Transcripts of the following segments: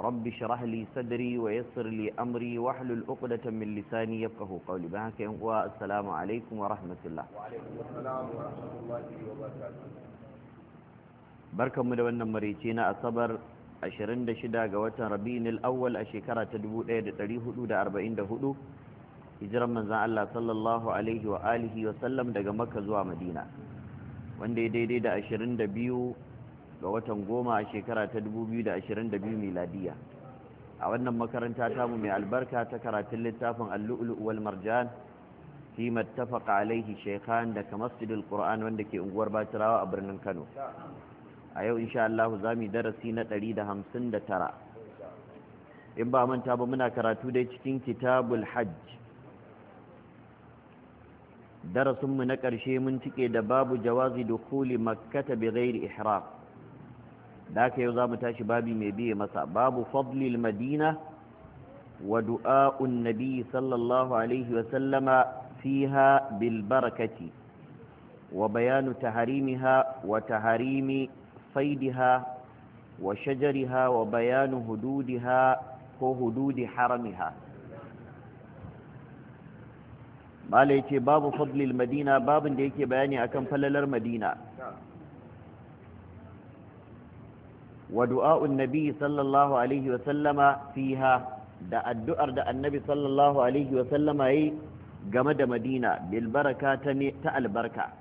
rabbi shirahli sadri wa yassir li amri wa hlul uqdata min lisani haka yan uwa assalamu alaikum wa rahmatullah wa alaikum assalam da wannan marice na asabar 26 ga watan rabiul awwal a shekara ta 1444 hijran manzon Allah sallallahu alaihi wa wa sallam daga maka zuwa madina wanda ya daidai da 22 ga watan goma a shekara ta 2022 miladiya a wannan makaranta tamu mai albarka ta karatun littafin allu'ulu wal marjan fi mattafaqa alaihi shaykhan daga masjidul qur'an wanda ke unguwar batirawa a birnin kano a yau insha Allah mu darasi na 159 in ba manta ba muna karatu dai cikin kitabul hajj darasinmu na ƙarshe mun cike da babu jawazi dukuli makkata bi ghairi ihram da yau za mu tashi babu mai biye masa babu fadlil madina wa du'a'un nabi sallallahu alaihi wa sallama fiha bil barakati wa bayanu taharimiha wa taharimi faidiha wa shajariha wa bayanu hududiha ko hududi haramiha bala yace babu fadlil madina babin da yake bayani akan falalar madina Wadu'a'un Nabiyyu nabi sallallahu alaihi da addu'ar da annabi sallallahu alaihi yi game da madina bil baraka ta albarka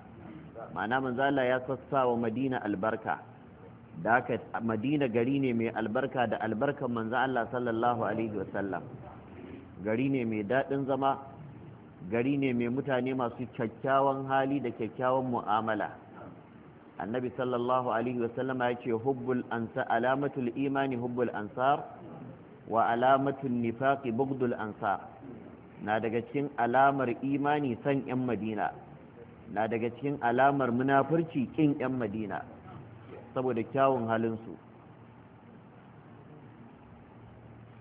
mana Manzala Allah ya sassawa madina albarka da haka madina gari ne mai albarka da albarkan manzo Allah sallallahu gari ne mai daɗin zama gari ne mai mutane masu kyakkyawan hali da kyakkyawan mu'amala annabi sallallahu alaihi wasallama ya ce alamatul imani hubbul ansar wa alamatul nifaqi bugdul ansar na daga cikin alamar imani san yan madina na daga cikin alamar munafurci kin yan madina saboda kyawun halinsu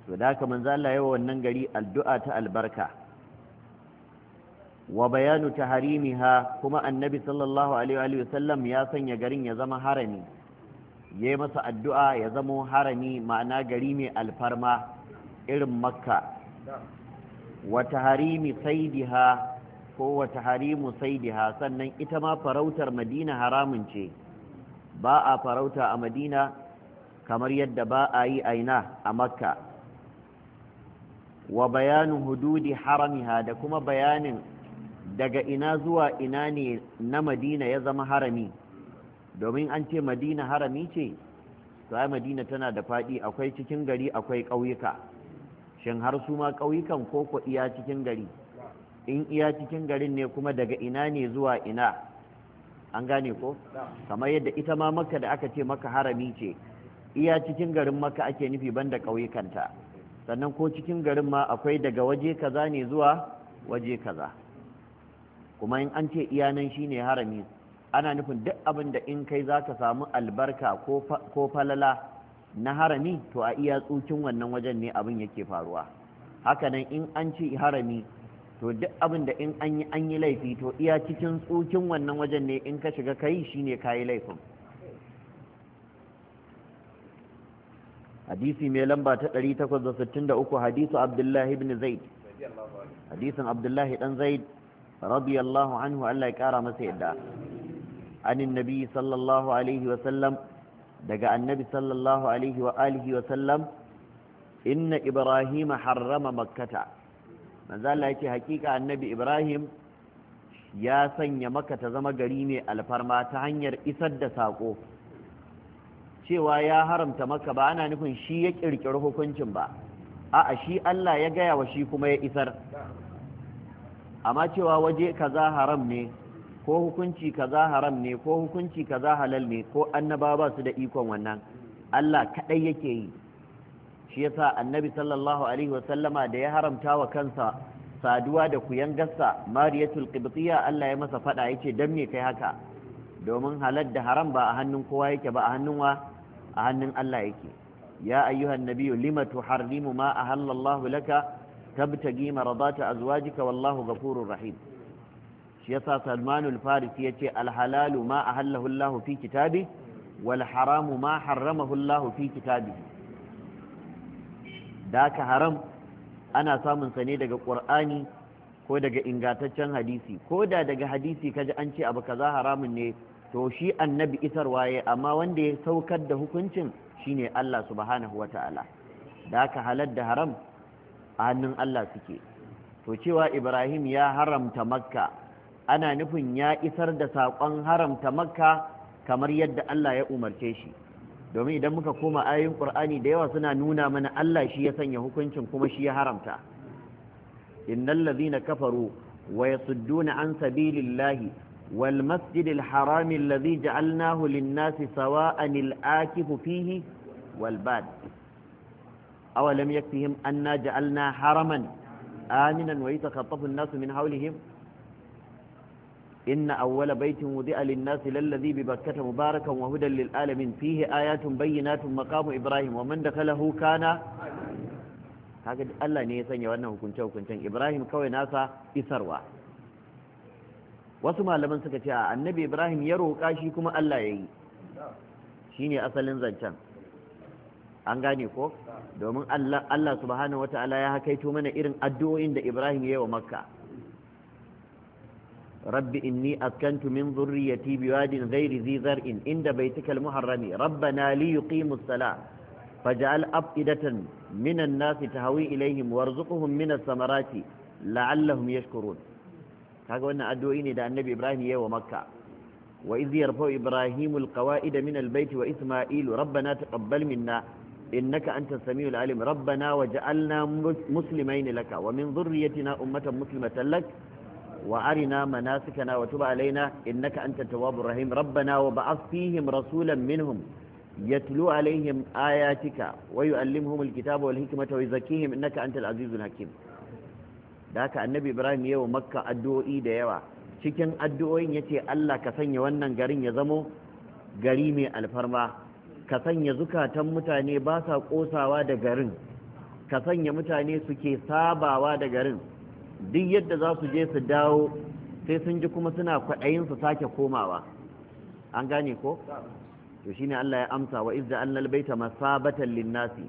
to da haka manzo Allah yawa wannan gari addu'a ta albarka wa bayanu taharimiha kuma annabi sallallahu alaihi wa sallam ya sanya garin ya zama harami yayi masa addu'a ya zama harami ma'ana gari mai alfarma irin makka wa harimi saidiha ko wa harimu saidiha sannan ita ma farautar madina haramun ce ba a farauta a madina kamar yadda ba a yi aina a makka wa bayanin hududi haramiha da kuma bayanin daga ina zuwa ina ne na madina ya zama harami domin an ce madina harami ce to madina tana da faɗi akwai cikin gari akwai ƙauyuka shin har su ma ƙauyukan ko ko iya cikin gari in iya cikin garin ne kuma daga ina ne zuwa ina an gane ko kamar yadda ita ma maka da aka ce maka harami ce iya cikin garin maka ake nufi banda ƙauyukanta sannan ko cikin garin ma akwai daga waje kaza ne zuwa waje kaza kuma in an ce iyanan shine harami ana nufin duk abin da in kai za ka samu albarka ko falala na harami to a iya tsukin wannan wajen ne abin yake faruwa hakanan in an ce harami to duk abin da in an yi an yi laifi to iya cikin tsukin wannan wajen ne in ka shiga kai shine ka yi laifin hadisi mai lamba ta 863 hadisu abdullahi ibn zaid hadisin abdullahi dan zaid radiyallahu anhu Allah ya kara masa yadda anin nabi sallallahu alaihi wa sallam daga annabi sallallahu alaihi wa sallam inna ibrahima harrama makkata manzo Allah yake hakika annabi ibrahim ya sanya maka ta zama gari mai alfarma ta hanyar isar da sako cewa ya haramta maka ba ana nufin shi ya kirkiri hukuncin ba a'a shi Allah ya gaya wa shi kuma ya isar amma cewa waje kaza haram ne ko hukunci kaza haram ne ko hukunci kaza halal ne ko annaba ba su da ikon wannan Allah kadai yake yi shi yasa annabi sallallahu alaihi wasallama da ya haramta wa kansa saduwa da kuyan gassa mariyatul qibtiyya Allah ya masa fada yace dan me kai haka domin halal da haram ba a hannun kowa yake ba a hannun wa a hannun Allah yake ya ayyuhan nabiyyu lima tuharrimu ma ahallallahu laka tabtagi maradata azwajika wallahu ghafurur rahim shi yasa Salman al-Farisi yace al-halalu ma ahallahu Allah fi kitabi wal haramu ma harramahu Allah fi kitabi daka haram ana samun sa ne daga Qur'ani ko daga ingantaccen hadisi ko da daga hadisi kaji an ce abu kaza haramun ne to shi annabi isarwa ya amma wanda ya saukar da hukuncin shine Allah subhanahu wataala daka halar da haram a hannun Allah suke to cewa Ibrahim ya haramta makka ana nufin ya isar da saƙon haramta makka kamar yadda Allah ya umarce shi domin idan muka koma ayoyin ƙur'ani da yawa suna nuna mana Allah shi ya sanya hukuncin kuma shi ya haramta innal ladhina kafaru wa yasudduna an sabilillahi wal masjidil harami alladhi ja'alnahu lin-nasi sawa'an al-akifu fihi wal bad awalam yakfihim anna ja'alna haraman aminan wa yatakhaffafu an-nasu min hawlihim inna awwala baytin wudi'a lin-nasi lalladhi bi Bakkah mubarakan wa hudan lil-alamin fihi ayatun bayyinatun maqamu Ibrahim wa man dakhalahu kana kaga Allah ne ya sanya wannan hukunci hukuncin Ibrahim kawai nasa isarwa wasu malaman suka ce a annabi Ibrahim ya roƙa shi kuma Allah yayi shine asalin zancen an gane ko domin Allah subhanahu wata'ala ya hakaito mana irin addu'o'in da Ibrahim ya yi wa Makka rabbi inni askantu min zurriyati biwadin ghairi zi zar'in inda baitikal muharrami rabbana li yuqimus sala faj'al afidatan minan nasi tahwi ilaihim warzuqhum minas samarati la'allahum yashkurun kaga wannan addu'o'i ne da Annabi Ibrahim ya yi wa Makka وإذ يرفع إبراهيم القواعد من wa وإسماعيل rabbana تقبل minna. innaka antas samiul alim rabbana waj'alna muslimain laka wa min dhurriyyatina ummatan muslimatan lak wa arina manasikana wa tub alaina innaka antat tawwabur rahim rabbana wa ba'ath fihim rasulan minhum alaihim يتلو عليهم آياتك ويؤلمهم الكتاب والحكمة ويزكيهم إنك hakim da الحكيم annabi ibrahim إبراهيم يو addu'o'i da yawa cikin addu'o'in ya ce Allah ka sanya wannan garin ya zamo gari mai alfarma ka sanya zukatan mutane ba sa ƙosawa da garin ka sanya mutane suke sabawa da garin duk yadda za su je su dawo sai sun ji kuma suna kwaɗayin su sake komawa an gane ko to shine Allah ya amsa wa izza annal baita masabatan linnasi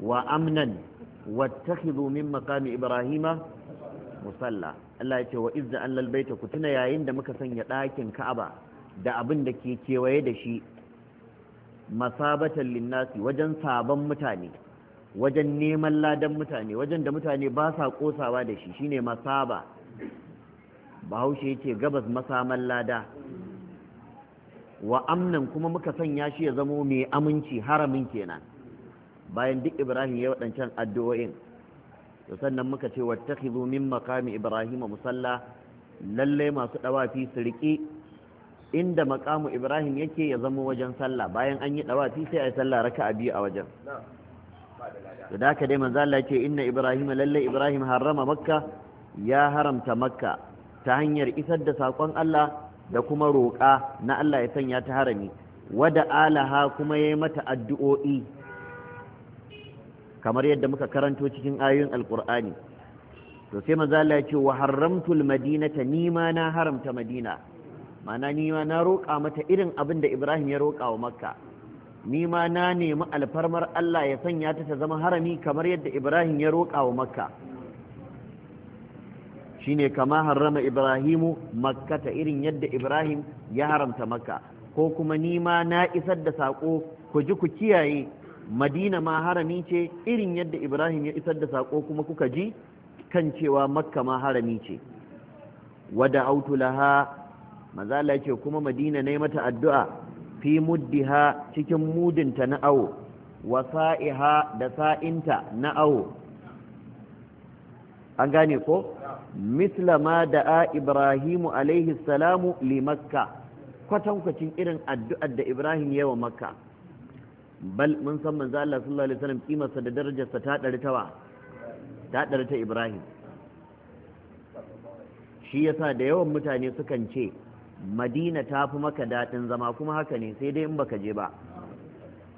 wa amnan wattakhidhu min maqami ibrahima musalla Allah ya ce wa izza annal baita ku tuna yayin da muka sanya ɗakin Ka'aba da abin da ke kewaye da shi masabatan linnasi wajen sabon mutane wajen neman ladan mutane wajen da mutane ba sa kosawa da shi shine masaba bahaushe ce gabas masaman lada wa amnan kuma muka sanya shi ya zamo mai aminci haramin kenan bayan duk ibrahim ya waɗancan addu'o'in to sannan muka ce wattakhidhu min maqami Ibrahim musalla lalle masu dawafi su rike inda makamu ibrahim yake ya zama wajen sallah bayan an yi dawafi sai a yi sallah raka a biyu a wajen to da haka dai manzo Allah ce inna ibrahim lalle ibrahim harrama makka ya haramta makka ta hanyar isar da sakon Allah da kuma roƙa na Allah ya sanya ta harami wada alaha kuma yayi mata addu'o'i kamar yadda muka karanto cikin ayoyin alqur'ani to sai manzo Allah ya ce wa haramtul madinata ma na haramta madina mana ni ma na roƙa mata irin abin da ibrahim ya roƙa wa makka ni ma na nemi alfarmar allah ya sanya ta ta zama harami kamar yadda ibrahim ya roƙa wa makka shine kama harrama ibrahimu makka ta irin yadda ibrahim ya haramta makka ko kuma ni ma na isar da sako ku ji ku kiyaye madina ma harami ce irin yadda ibrahim ya isar da sako kuma kuka ji kan cewa makka ma harami ce wada autu laha maza Allah yake kuma Madina ne mata addu'a fi muddiha cikin mudinta na awo wa sa'iha da sa'inta na awo an gane ko misla ma da'a Ibrahimu alaihi salamu li makka kwatankwacin irin addu'ar da Ibrahim yawa makka bal mun san manzo Allah sallallahu alaihi wasallam kimarsa da darajarsa ta ɗari tawa ta ta Ibrahim shi yasa da yawan mutane sukan ce madina ta fi maka daɗin zama kuma haka ne sai dai in baka je ba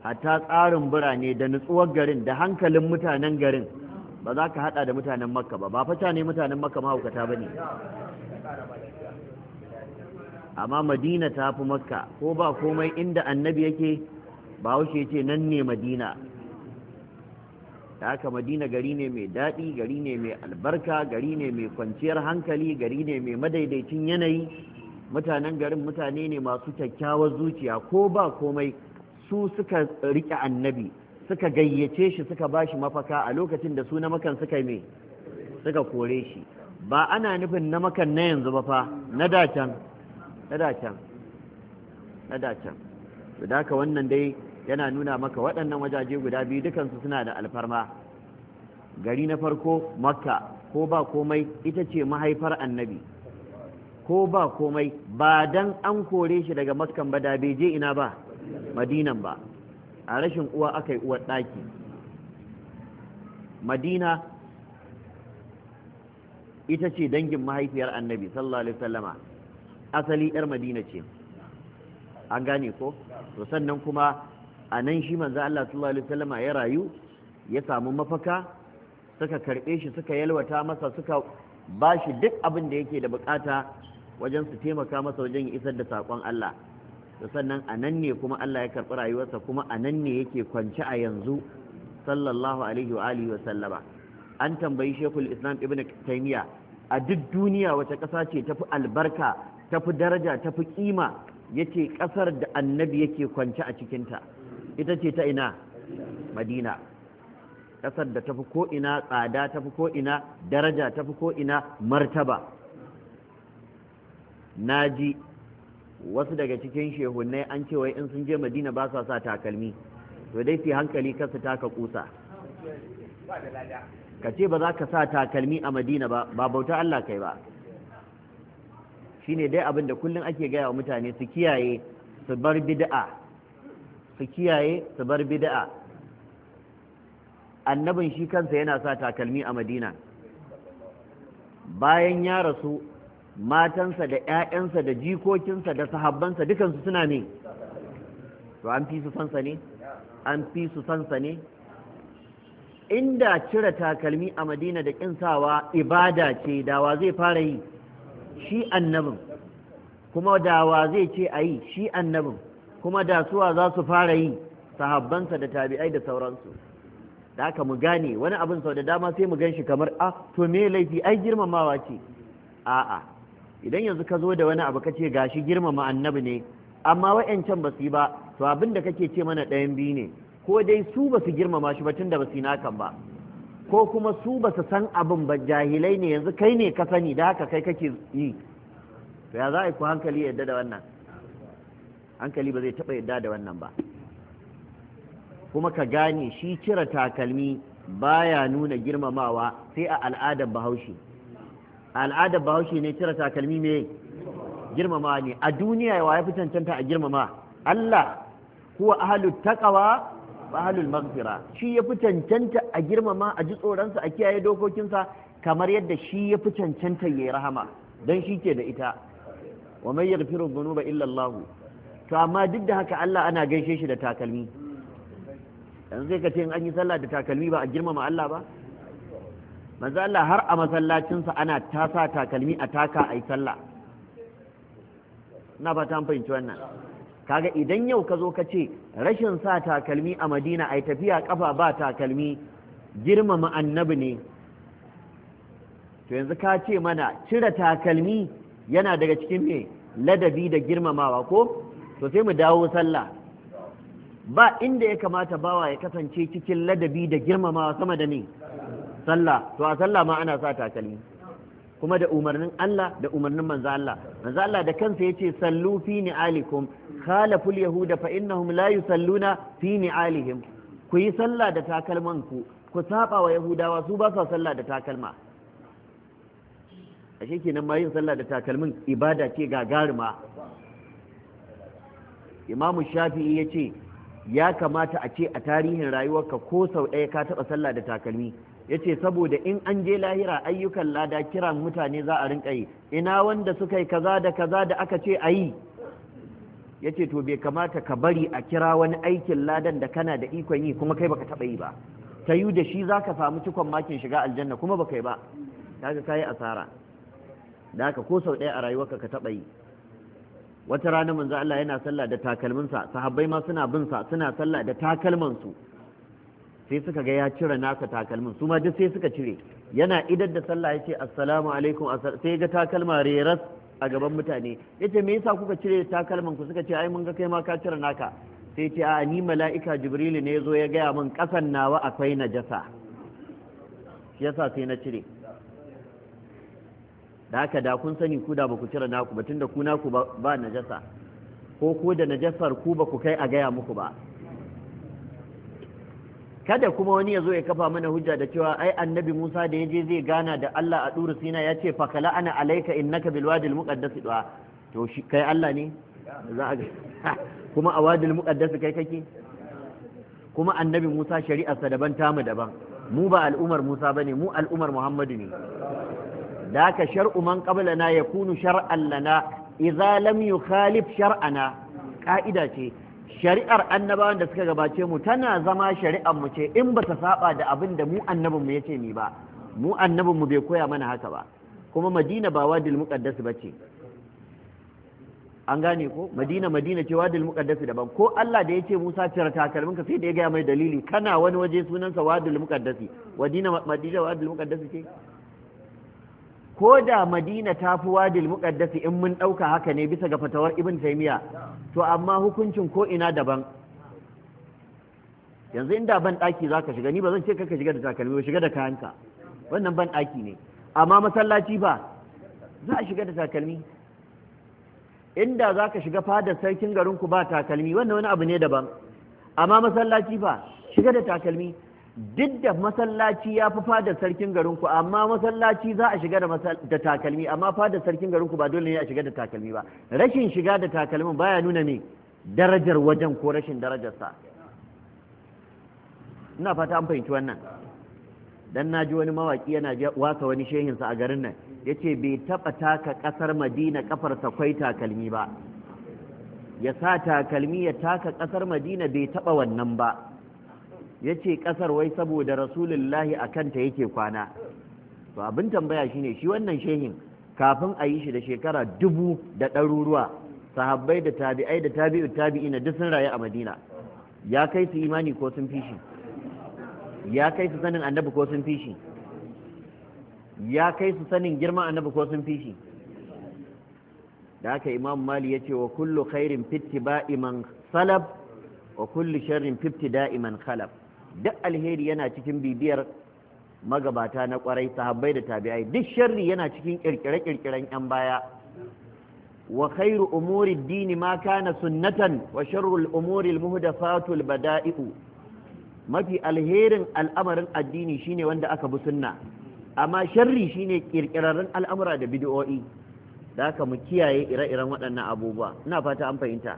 hatta tsarin birane da nutsuwar garin da hankalin mutanen garin ba za ka haɗa da mutanen makka ba ba fata ne mutanen makka mahaukata ba ne amma madina ta fi makka ko ba komai inda annabi yake ba wuce ce nan ne madina da haka madina gari ne mai daɗi gari ne mai albarka gari ne mai kwanciyar hankali gari ne mai madaidaicin yanayi mutanen garin mutane ne masu kyakkyawar zuciya ko ba komai su suka rike annabi suka gayyace shi suka ba shi mafaka a lokacin da su na suka me suka kore shi ba ana nufin na makan na yanzu ba fa na dacan na dacan na dacan to da wannan dai yana nuna maka waɗannan wajaje guda biyu dukansu suna da alfarma gari na farko makka ko ba komai ita ce mahaifar annabi ko ba komai ba dan an kore shi daga makkan ba da bai je ina ba madinan ba a rashin uwa aka yi uwar ɗaki madina ita ce dangin mahaifiyar annabi sallallahu alaihi wasallama asali yar madina ce an gane ko to sannan kuma a nan shi manzo Allah sallallahu alaihi wasallama ya rayu ya samu mafaka suka karbe shi suka yalwata masa suka bashi duk abin da yake da bukata wajen su taimaka masa wajen isar da saƙon Allah da sannan a nan ne kuma Allah ya karɓi rayuwarsa kuma a nan ne yake kwance a yanzu sallallahu alaihi wa alihi wa sallama an tambayi shekul islam ibn taymiya a duk duniya wace ƙasa ce tafi albarka tafi daraja tafi kima yace ƙasar da annabi yake kwance a cikinta ita ce ta ina madina ƙasar da tafi ko ina tsada tafi ko ina daraja tafi ko ina martaba na ji wasu daga cikin shehunai an cewa in sun je madina ba sa sa takalmi to dai fi hankali kar su taka kusa ka ce ba za ka sa takalmi a madina ba ba bauta Allah kai ba shine dai abin da kullum ake gaya wa mutane su kiyaye su bar bid'a su kiyaye su bar bid'a annabin shi kansa yana sa takalmi a madina bayan ya rasu matansa da ‘ya'yansa da jikokinsa da sahabbansa dukansu suna ne to an fi su sansa ne an fi su sansa ne inda cire takalmi a madina da ƙinsawa ibada ce dawa zai fara yi shi annabin kuma dawa zai ce a yi shi annabin kuma da suwa za su fara yi sahabbansa da tabi'ai da sauransu da aka mu gane wani abin sau da dama sai mu gan shi kamar a ah, to me laifi ai girmamawa ce a'a idan yanzu ka zo da wani abu kace gashi girmama annabi ne amma wa'yancan ba su yi ba to abin da kake ce mana ɗayan biyu ne ko dai su ba su girmama shi ba tun da ba su yi nakan ba ko kuma su ba su san abin ba jahilai ne yanzu kai ne ka sani da haka kai kake yi to ya za a yi ku hankali yadda da wannan hankali ba zai taɓa yadda da wannan ba kuma ka gane shi cire takalmi baya nuna girmamawa sai a al'adar bahaushe al'adar bahaushe ne cire takalmi me girmama ne a duniya wa ya fi cancanta a girmama Allah huwa ahlul taqwa wa ahlul maghfira shi ya fi cancanta a girmama a ji tsoronsa a kiyaye dokokinsa kamar yadda shi ya fi cancanta yayi rahama dan shi ke da ita wa man yaghfiru dhunuba illa Allah to amma duk da haka Allah ana gaishe shi da takalmi yanzu sai ka ce in an yi sallah da takalmi ba a girmama Allah ba manzo Allah har a masallacinsa ana tasa takalmi a taka a yi sallah na fata an fahimci wannan kaga idan yau ka zo ka ce rashin sa takalmi a Madina a yi tafiya kafa ba takalmi girmama annabi ne to yanzu ka ce mana cire takalmi yana daga cikin me ladabi da girmamawa ko to sai mu dawo sallah ba inda ya kamata bawa ya kasance cikin ladabi da girmamawa sama da ni sallah to a sallah ma ana sa takalmi kuma da umarnin Allah da umarnin manzo Allah manzo Allah da kansa yace sallu fi ni'alikum khalafu yahuda fa innahum la yusalluna fi ni'alihim ku yi sallah da takalman ku ku saba wa yahudawa su ba su sallah da takalma ashe kenan ma yin sallah da takalmin ibada ce gagaruma imamu shafi'i yace ya kamata a ce a tarihin rayuwarka ko sau ɗaya ka taɓa sallah da takalmi ya ce saboda in an je lahira ayyukan lada kiran mutane za a rinka yi ina wanda suka yi kaza da kaza da aka ce a yi ya ce to bai kamata ka bari a kira wani aikin ladan da kana da ikon yi kuma kai baka taɓa yi ba ta yi da shi za ka samu cikon makin shiga aljanna kuma baka yi ba kaga ka yi asara da haka ko sau ɗaya a rayuwarka ka taɓa yi wata rana manzo Allah yana sallah da takalminsa sahabbai ma suna bin sa suna sallah da takalmansu sai suka ga ya cire nasa takalmin su ma duk sai suka cire yana idar da sallah ya ce assalamu alaikum sai ga takalma reras a gaban mutane ya ce me yasa kuka cire takalmin ku suka ce ai mun ga kai ma ka cire naka sai ce a ni mala'ika jibrilu ne zo ya gaya min kasan nawa akwai najasa yasa sai na cire da haka da kun sani ku da baku cire naku ba tunda ku naku ba najasa ko ko da najasar ku ba ku kai a gaya muku ba kada kuma wani ya zo ya kafa mana hujja da cewa ai annabi Musa da ya je zai gana da Allah a Duru Sina ya ce fa kala ana alaika innaka bil wadil muqaddas du'a to shi kai Allah ne za a kuma a wadil muqaddas kai kake kuma annabi Musa shari'arsa daban tamu daban mu ba al'umar Musa bane mu al'umar Muhammadu ne da ka shar'u man qablana yakunu shar'an lana idza lam yukhalif shar'ana ka'ida ce shari'ar annabawan da suka gabace mu tana zama shari'ar mu ce in ba ta saba da abin da mu annabin mu yace ni ba mu annabin mu bai koya mana haka ba kuma madina ba wadil muqaddas ce an gane ko madina madina ce wadil muqaddas daban ko Allah da yace Musa cire takalminka sai da ya ga mai dalili kana wani waje sunansa wadil muqaddasi wadina madina wadil muqaddas ce ko da madina ta fi wadil muƙaddasi in mun ɗauka haka ne bisa ga fatawar ibn taimiyya to amma hukuncin ko ina daban yanzu inda ban ɗaki za ka shiga ni ba zan ce ka shiga da takalmi ba shiga da kayanka wannan ban ɗaki ne amma masallaci ba za a shiga da takalmi inda za ka shiga fadar sarkin garinku ba takalmi wannan wani abu ne daban amma masallaci ba shiga da takalmi duk da masallaci ya fi fadar sarkin garinku amma masallaci za a shiga da takalmi amma fadar sarkin garinku ba dole ne a shiga da takalmi ba rashin shiga da takalmin baya nuna ne darajar wajen ko rashin darajarsa ina fata an fahimci wannan dan na ji wani mawaki yana wasa wani shehin sa a garin nan yace bai taba taka kasar madina ƙafarsa kwai takalmi ba ya sa takalmi ya taka kasar madina bai taba wannan ba ya ce ƙasar wai saboda rasulullahi a kanta yake kwana to abin tambaya shine shi wannan shehin kafin a yi shi da shekara dubu da ɗaruruwa sahabbai da tabi'ai da tabi'u na duk sun rayu a madina ya kai su imani ko sun fi shi ya kai su sanin annabi ko sun fi shi ya kai su sanin girma annabi ko sun fi shi da haka imam mali ya ce wa kullu khairin fitti ba'iman salab wa kullu sharrin fitti da'iman khalab duk alheri yana cikin bibiyar magabata na kwarai sahabbai da tabi'ai duk sharri yana cikin kirkire-kirkiren 'yan baya wa khairu umuri dini ma kana sunnatan wa al umuri al bada'i'u mafi alherin al'amarin addini shine wanda aka bi sunna amma sharri shine kirkirarren al'amura da bid'o'i da haka mu kiyaye ire-iren waɗannan abubuwa ina fata an fahimta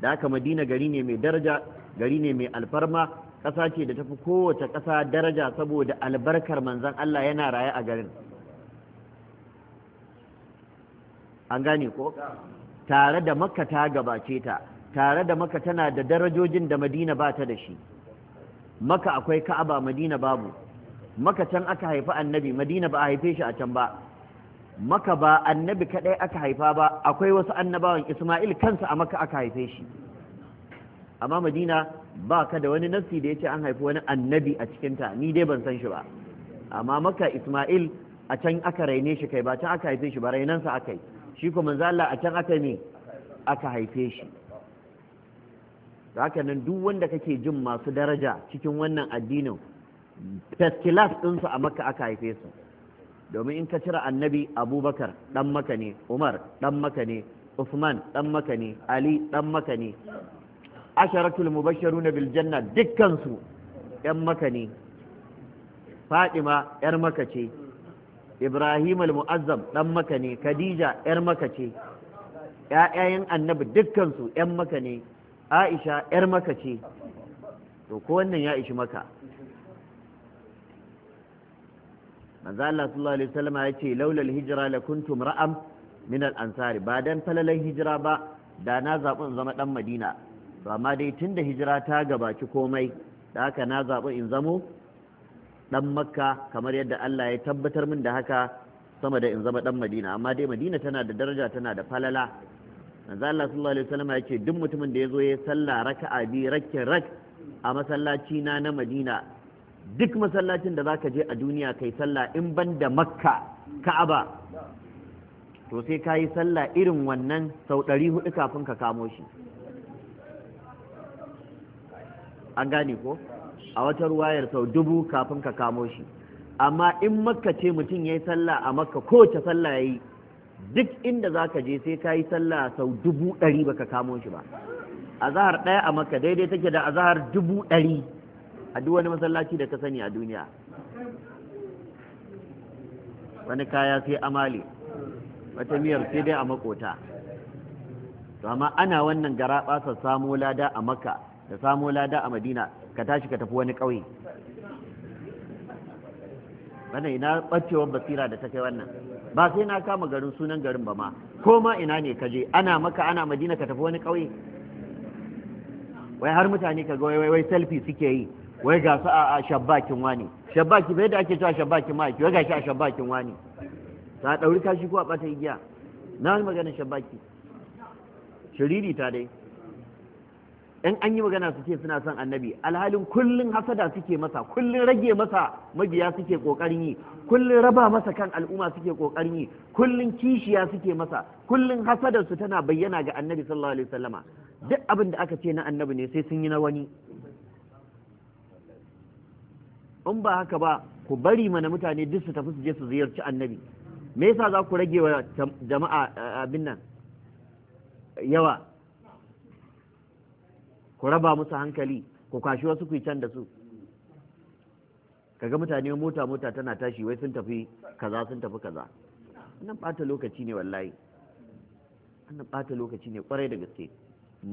da haka madina gari ne mai daraja gari ne mai alfarma ƙasa ce da tafi kowace ƙasa daraja saboda albarkar manzan Allah yana raye a garin an gane ko tare da makka ta gabace ta tare da makka tana da darajojin da madina ba ta da shi makka akwai ka'aba madina babu makka can aka haifi annabi madina ba a haife shi a can ba maka ba annabi kaɗai aka haifa ba akwai wasu annabawan isma'il kansa a maka aka haife shi amma madina ba ka da wani nafsi da ya ce an haifi wani annabi a cikinta ni dai ban san shi ba amma maka isma'il a can aka raine shi kai ba can aka haife shi ba rainansa aka yi shi kuma Allah a can aka ne aka haife shi haka nan duk wanda kake jin masu daraja cikin wannan addinin festilas ɗinsu a maka aka haife su domin in ka cire annabi abubakar dan maka ne umar dan maka ne usman dan maka ne ali dan maka ne asharatul mubashsharuna bil janna dukkan su yan maka ne Fadima yar maka ce Ibrahim al-Mu'azzam dan maka ne Khadija yar maka ce ƴaƴayen annabi dukkansu yan maka ne Aisha yar maka ce to ko wannan ya ishi maka manzo Allah sallallahu alaihi wasallam ya ce laulal hijra lakuntum ra'am min al-ansari ba dan falalan hijira ba da na zaɓi zama dan Madina to amma dai tun da hijira ta gabaci komai da haka na zaɓi in zamo ɗan makka kamar yadda Allah ya tabbatar min da haka sama da in zama ɗan madina amma dai madina tana da daraja tana da falala manzo Allah sallallahu alaihi wasallam ya ce duk mutumin da ya zo ya sallah raka'a bi rakkin rak a masallaci na na madina duk masallacin da za ka je a duniya kai sallah in ban da makka ka'aba to sai ka yi sallah irin wannan sau ɗari hudu kafin ka kamo shi an gane ko a wata ruwayar sau dubu kafin ka kamo shi amma in makka ce mutum ya yi sallah a makka kowace sallah ya yi duk inda za ka je sai ka yi sallah sau dubu ɗari ba ka kamo shi ba azahar ɗaya a makka daidai take da azahar dubu ɗari a duk wani masallaci da ta sani a duniya wani kaya sai amali wata miyar sai dai a makota to amma ana wannan garaɓa sa samo lada a makka da samo lada a madina ka tashi ka tafi wani ƙauye wannan ina ɓacewar basira da ta kai wannan ba sai na kama garin sunan garin ba ma ko ma ina ne ka je ana maka ana madina ka tafi wani ƙauye wai har mutane ka ga wai wai selfie suke yi wai ga su a shabbakin wani shabbaki bai da ake cewa shabbakin ma wai ga shi a shabbakin wani ta ɗauri kashi ko a ɓata igiya na wani maganin shabbaki shiriri ta dai in an yi magana su ce suna son annabi alhalin kullun hasada suke masa kullun rage masa mabiya suke kokarin yi kullun raba masa kan al'umma suke kokarin yi kullun kishiya suke masa kullun hasadar su tana bayyana ga annabi sallallahu alaihi wasallama duk abin da aka ce na annabi ne sai sun yi na wani in ba haka ba ku bari mana mutane duk su tafi su je su ziyarci annabi me yasa za ku rage wa jama'a eh, abin nan yawa ku raba musu hankali ku kwashi wasu ku can da su kaga mutane mota mota tana tashi wai sun tafi kaza sun tafi kaza wannan bata lokaci ne wallahi wannan bata lokaci ne kwarai da gaske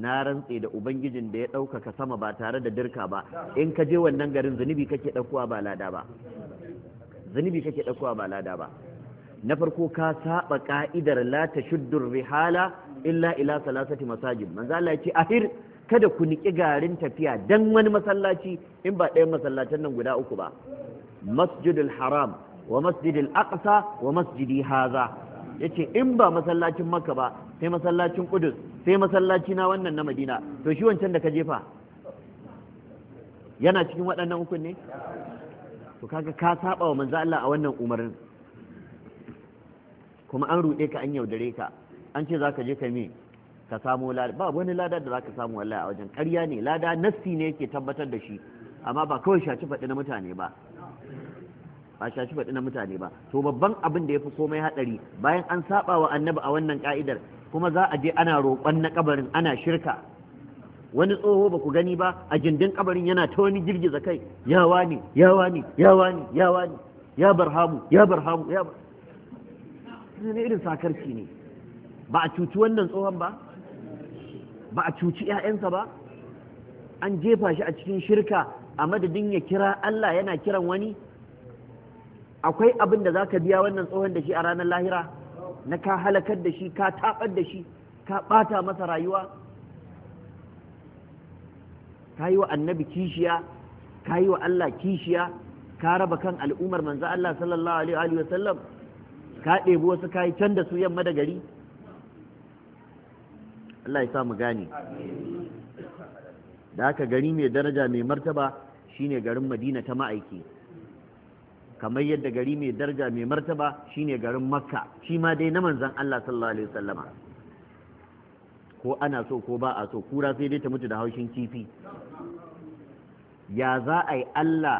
na rantse da ubangijin da ya ɗaukaka sama ba tare da dirka ba in ka je wannan garin zunubi kake ɗaukowa ba lada ba zunubi kake ɗaukowa ba lada ba na farko ka saba ka'idar la tashuddur rihala illa ila salasati masajid manzo Allah ya ce ahir kada ku niƙi garin tafiya dan wani masallaci in ba ɗayan masallacin nan guda uku ba masjidul haram wa masjidul aqsa wa masjidi haza yace in ba masallacin makka ba sai masallacin kudus sai masallaci na wannan na madina to shi wancan da ka jefa yana cikin waɗannan hukun ne to kaga ka saba wa manzo Allah a wannan umarnin kuma an ruɗe ka an yaudare ka an ce zaka je ka mi ka samu lada ba wani lada da zaka samu wallahi a wajen ƙarya ne lada nassi ne yake tabbatar da shi amma ba kawai shaci faɗi na mutane ba ba shaci faɗi na mutane ba to babban abin da ya fi komai haɗari bayan an saba wa annabi a wannan ka'idar kuma za a je ana roƙon na kabarin ana shirka wani tsoho ba ku gani ba a jindin kabarin yana ta wani girgiza kai yawa ne ya wani ya wani ya wani ya barhamu ya barhamu ya barhamu ne irin sakarci ne ba a cuci wannan tsohon ba ba a cuci 'ya'yansa ba an jefa shi a cikin shirka a madadin ya kira Allah yana kiran wani akwai abin da za ka biya wannan tsohon da shi a ranar lahira na ka halakar da shi ka taɓar da shi ka ɓata masa rayuwa ka yi wa annabi kishiya ka yi wa Allah kishiya ka raba kan al'ummar manzo Allah sallallahu alaihi wa sallam ka ɗebi wasu ka yi can da su yamma da gari Allah ya sa mu gane da haka gari mai daraja mai martaba shine garin madina ta ma'aiki kamar yadda gari mai daraja mai martaba shine garin makka shi ma dai na manzan Allah sallallahu alaihi wasallama ko ana so ko ba a so kura sai dai ta mutu da haushin kifi ya za a yi Allah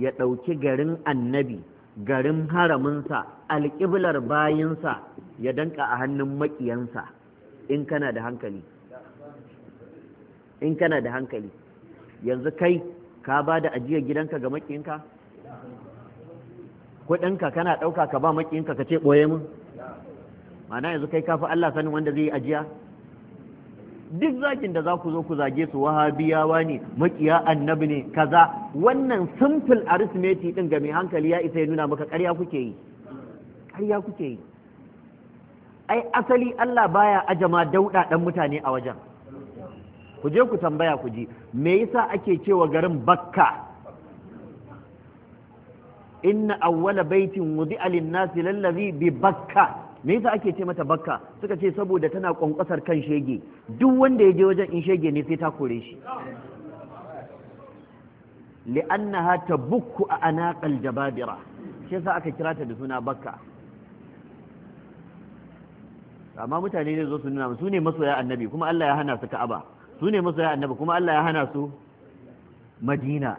ya ɗauki garin annabi garin haraminsa alƙiblar bayinsa ya danka a hannun maƙiyansa in kana da hankali in kana da hankali yanzu kai ka ba da ajiyar gidanka ga makinka kudinka kana ɗauka ka ba makinka ka ce ɓoye mun mana yanzu kai kafi Allah sanin wanda zai yi ajiya duk zakin da za ku zo ku zage su wahabiyawa ne makiya annabi ne kaza wannan simple arithmetic din ga mai hankali ya isa ya nuna maka ƙarya kuke yi ƙarya kuke yi ai asali Allah baya ajama dauda dan mutane a wajen ku je ku tambaya ku ji me yasa ake cewa garin bakka inna awwala baitin wudi'a lin-nasi lallazi bi bakka me yasa ake ce mata bakka suka ce saboda tana kwankwasar kan shege duk wanda ya je wajen in shege ne sai ta kore shi li'annaha tabukku a anaqal jababira shi yasa aka kira ta da suna bakka amma mutane ne zo su nuna su ne masoya annabi kuma Allah ya hana su Ka'aba su ne masoya annabi kuma Allah ya hana su Madina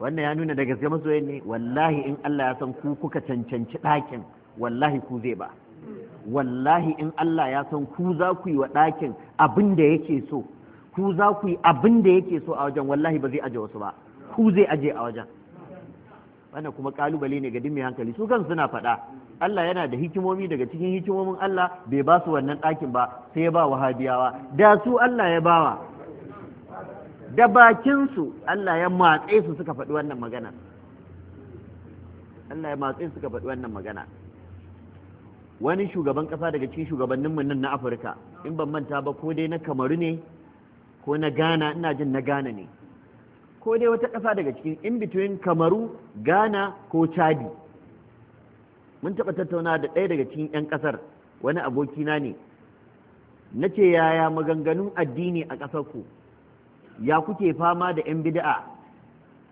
wannan ya nuna da gaske masoya ne wallahi in Allah ya san ku kuka cancanci ɗakin wallahi ku zai ba wallahi in Allah ya san ku za ku yi wa ɗakin abin da yake so ku za ku yi abin da yake so a wajen wallahi ba zai aje wasu ba ku zai aje a wajen wannan kuma kalubale ne ga dimmi hankali su kan suna faɗa Allah yana da hikimomi daga cikin hikimomin Allah bai ba su wannan ɗakin ba sai ya ba wahabiyawa da su Allah ya bawa da bakinsu Allah ya matse su suka faɗi wannan magana Allah ya matse suka faɗi wannan magana wani shugaban ƙasa daga cikin shugabanninmu nan na Afirka in ban manta ba ko dai na Kamaru ne ko na Ghana ina jin na Ghana ne ko dai wata ƙasa daga cikin in between Kamaru Ghana ko Chadi mun taɓa tattauna da ɗaya daga cikin 'yan ƙasar wani abokina ne na ce yaya maganganun addini a ƙasar ku. ya kuke fama da 'yan bida'a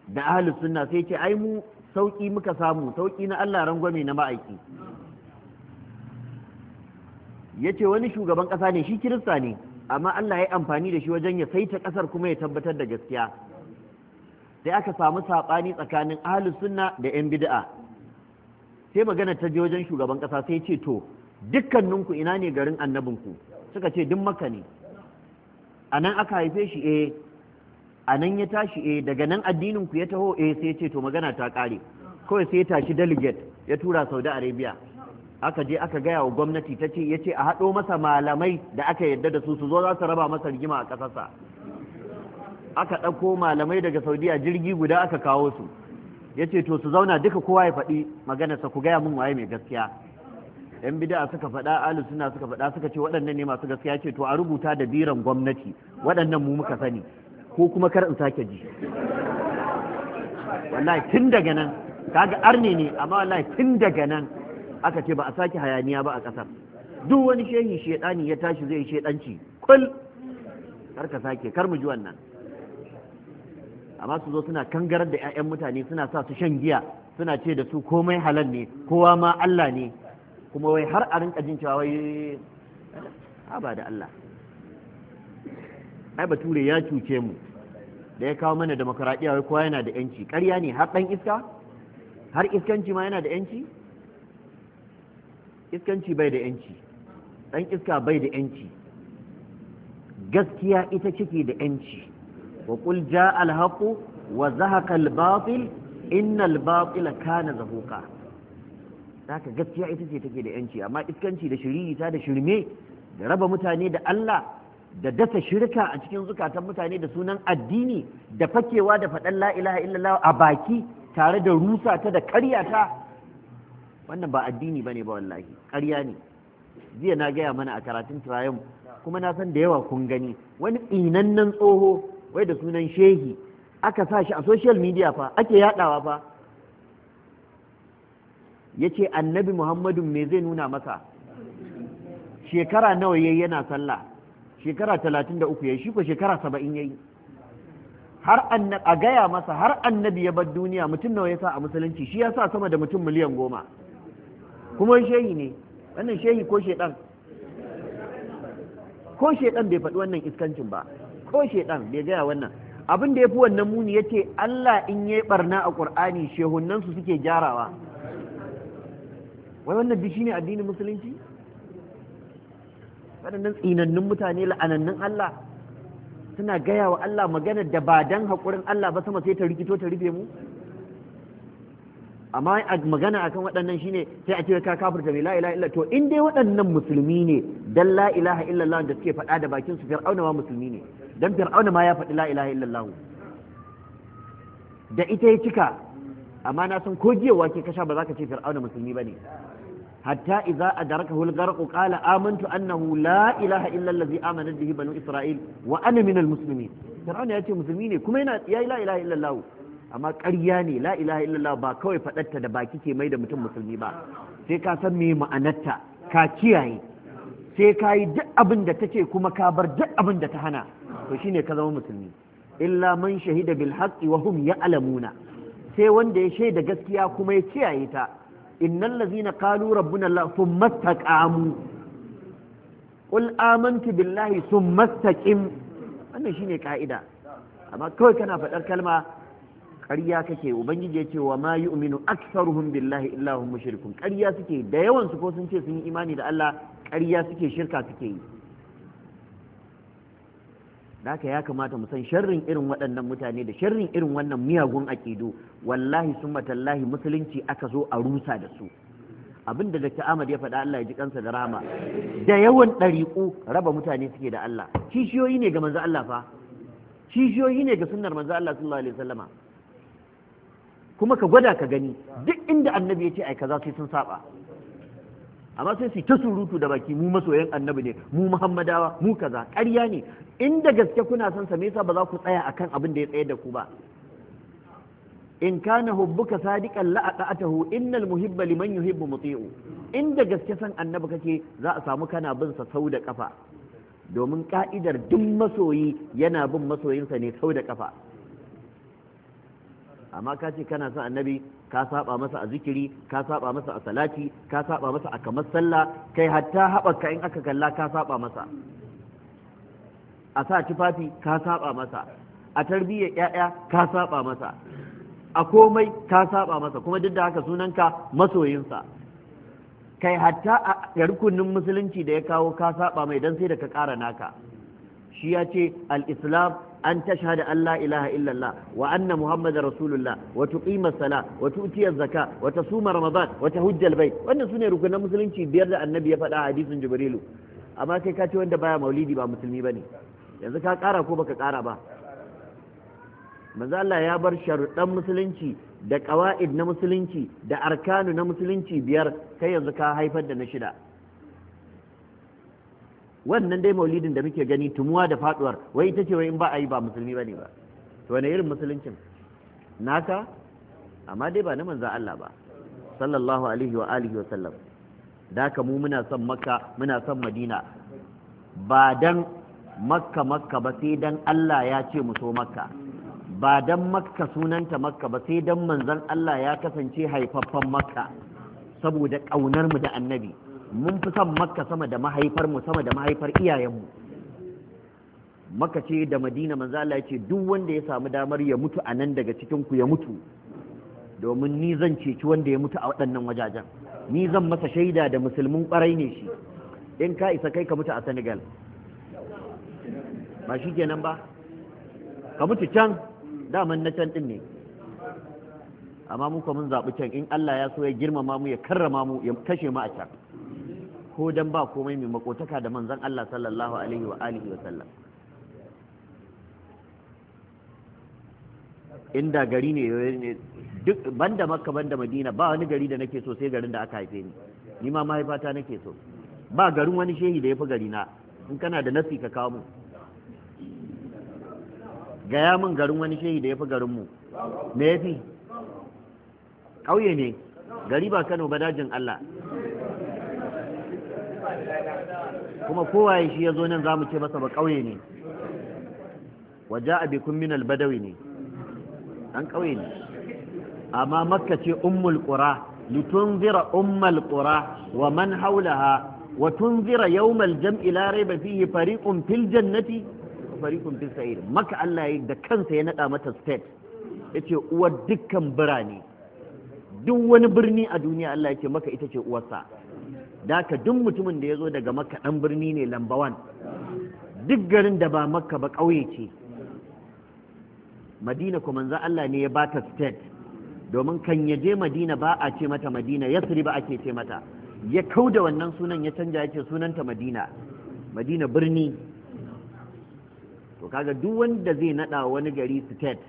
da ahalus sunna sai ce ai mu sauƙi muka samu sauƙi na Allah rangwame na ma'aiki ya ce wani shugaban ƙasa ne shi kirista ne amma Allah ya yi amfani da shi wajen ya saita ƙasar kuma ya tabbatar da gaskiya sai aka samu saɓani tsakanin ahalus sunna da 'yan bida'a sai magana ta je wajen shugaban kasa sai ce to dukkaninku ina ne garin annabinku suka ce duk maka ne a nan aka haife shi eh a nan ya tashi e daga nan addininku ya taho eh sai ce to magana ta kare kawai sai ya tashi delegate ya tura saudi arabia aka je aka gaya wa gwamnati ta ce ya ce a haɗo masa malamai da aka yadda da su su zo za su raba masa rigima a ƙasarsa aka ɗauko malamai daga saudiya jirgi guda aka kawo su ya ce to su zauna duka kowa ya faɗi maganarsa ku gaya mun waye mai gaskiya yan bid'a suka faɗa alu suna suka faɗa suka ce waɗannan ne masu gaskiya ce to a rubuta da biran gwamnati waɗannan mu muka sani ko kuma kar in sake ji wallahi tun daga nan kaga arne ne amma wallahi tun daga nan aka ce ba a sake hayaniya ba a ƙasar duk wani shehi shedani ya tashi zai shedanci kul kar ka sake kar mu ji wannan amma su zo suna kangarar da 'ya'yan mutane suna sa su shan giya suna ce da su komai halal ne kowa ma Allah ne kuma wai har a rinka jin cewa wai ba da Allah ai bature ya cuce mu da ya kawo mana demokaradiyya wai kowa yana da yanci ƙarya ne har ɗan iska har iskanci ma yana da yanci iskanci bai da yanci ɗan iska bai da yanci gaskiya ita ciki da yanci Waƙulja alhaku jaa al haqq wa zahaqa al batil inna al gaskiya ita ce take da yanci amma iskanci da shiriri ta da shirme da raba mutane da Allah da dasa shirka a cikin zukatan mutane da sunan addini da fakewa da faɗan la ilaha illallah a baki tare da rusa ta da karyata wannan ba addini bane ba wallahi Ƙarya ne jiya na gaya mana a karatun turayen kuma na san da yawa kun gani wani inannen tsoho wai da sunan shehi aka sa shi a social media fa ake yadawa fa ya ce annabi muhammadun me zai nuna masa shekara nawa yayi yana sallah shekara talatin da uku ya shi ko shekara saba'in ya yi har a gaya masa har annabi ya bar duniya mutum nawa ya sa a musulunci shi ya sa sama da mutum miliyan goma kuma shehi ne wannan shehi ko shedan ko shedan bai faɗi wannan iskancin ba kawai shaidan bai gaya wannan abin da ya fi wannan muni ya ce Allah in ya barna a ƙur'ani shehunansu suke gyarawa wai wannan bishi ne addinin musulunci waɗannan tsinannun mutane la'anannun Allah suna gaya wa Allah magana da ba dan haƙurin Allah ba sama sai ta rikito ta rufe mu amma magana akan waɗannan shine sai a ce ka kafirta mai la ilaha illa to in dai waɗannan musulmi ne dan la ilaha illallah da suke faɗa da bakin su fir'auna ma musulmi ne dan fir'auna ma ya faɗi la ilaha illallah da ita ya cika amma na san ko jiya wake kasha ba za ka ce fir'auna musulmi ne. hatta iza a daraka hulgar qala amintu annahu la ilaha illa allazi amanat bihi banu isra'il wa ana minal muslimin fir'auna ya ce musulmi ne kuma yana ya la ilaha illallah amma ƙarya ne la ilaha illallah ba kawai faɗarta da baki ke mai da mutum musulmi ba sai ka san me ma'anarta ka kiyaye sai ka yi duk abin da ta ce kuma ka bar duk abin da ta hana to shine ka zama musulmi illa man shahida bil haqqi wa hum ya'lamuna sai wanda ya shaida gaskiya kuma ya kiyaye ta innal ladzina qalu rabbuna allah thumma istaqamu qul amantu billahi thumma istaqim wannan shine ka'ida amma kawai kana faɗar kalma ƙarya kake ubangiji ya ce wa ma yu'minu aktsaruhum billahi illa hum mushrikun ƙarya suke da yawan su ko sun ce sun yi imani da Allah ƙarya suke shirka suke yi da haka ya kamata mu san sharrin irin waɗannan mutane da sharrin irin wannan miyagun aƙidu wallahi sun matallahi musulunci aka zo a rusa da su abin da Dr. Ahmad ya faɗa Allah ya ji kansa da rama da yawan ɗariƙu raba mutane suke da Allah kishiyoyi ne ga manzo Allah fa kishiyoyi ne ga sunnar manzo Allah sallallahu alaihi wasallama kuma ka gwada ka gani duk inda annabi ya ce ai kaza sai sun saba amma sai su ta surutu da baki mu masoyan annabi ne mu muhammadawa mu kaza ƙarya ne inda gaske kuna son sa me yasa ba za ku tsaya akan abin da ya tsayar da ku ba in kana hubbuka sadiqan la ata'atahu innal muhibba liman yuhibbu muti'u inda gaske san annabi kake za a samu kana bin sa sau da kafa domin ka'idar duk masoyi yana bin masoyinsa ne sau da kafa amma ka ce kana son annabi ka saba masa a zikiri ka saba masa a salati ka saba masa a kamar sallah kai hatta haɓaka in aka kalla ka saba masa a sa tufafi ka saba masa a tarbiyya ƴaƴa ka saba masa a komai ka saba masa kuma duk da haka sunanka masoyinsa kai hatta a rukunin musulunci da ya kawo ka saba mai dan sai da ka ƙara naka shi ya ce al-islam أن تشهد أن لا إله إلا الله وأن محمد رسول الله وتقيم الصلاة وتؤتي الزكاة وتصوم رمضان وتهج البيت وأن سنة ركن مسلم شي بيرد النبي يفعل حديث جبريل أما كي كاتي وأنت بايا موليدي با مسلمي بني yanzu ka ƙara ko baka ƙara ba manzo Allah ya bar sharuɗan musulunci da ƙawa'id na musulunci da arkanu na musulunci biyar kai yanzu ka haifar da na shida wannan dai maulidin da muke gani tumuwa da faduwar wai ita ce wai in ba a yi ba musulmi bane ba to wane irin musuluncin naka amma dai ba na manzo Allah ba sallallahu alaihi wa alihi wa sallam ka mu muna son makka muna son madina ba dan makka makka ba sai dan Allah ya ce mu so makka ba dan makka sunanta makka ba sai dan manzon Allah ya kasance haifaffen makka saboda kaunar mu da annabi mun fi son makka sama da mahaifar mu sama da mahaifar iyayenmu makka ce da madina manzo Allah ya ce duk wanda ya samu damar ya mutu a nan daga cikin ku ya mutu domin ni zan ceci wanda ya mutu a waɗannan wajajen ni zan masa shaida da musulmin ƙwarai ne shi in ka isa kai ka mutu a senegal ba shi kenan ba ka mutu can daman na can ɗin ne amma mun kuma mun zaɓi can in allah ya so ya girmama mu ya karrama mu ya kashe mu a can ko dan ba komai mai makotaka da manzon Allah sallallahu alaihi wa alihi wa sallam inda gari ne duk banda makka banda madina ba wani gari da nake so sai garin da aka haife ni ni ma mahaifata nake so ba garin wani shehi da ya fi gari na in kana da nasi ka kawo mu gaya min garin wani shehi da ya fi mu me ya fi ƙauye ne gari ba kano ba dajin allah kuma kowaye shi ya zo nan zamu ce masa ba ƙauye ne waje a min albadawi ne an ƙauye ne amma makka ce ummul qura zira ummul qura wa man haulaha wa tunzira yawmal jam'i la rayba fihi fariqun fil jannati wa fariqun fis sa'ir makka Allah ya da kansa ya naɗa mata state yace uwar dukkan birane duk wani birni a duniya Allah ce maka ita ce uwarsa Daka duk mutumin da ya zo daga makka ɗan birni ne lambawan duk garin da ba maka ba ƙauye ce madina kuma za Allah ne ya bata state domin kan ya je madina ba a ce mata madina yasri ba ake ce mata ya kau da wannan sunan ya canja yake sunanta madina madina birni to kaga duk wanda zai nada wani gari state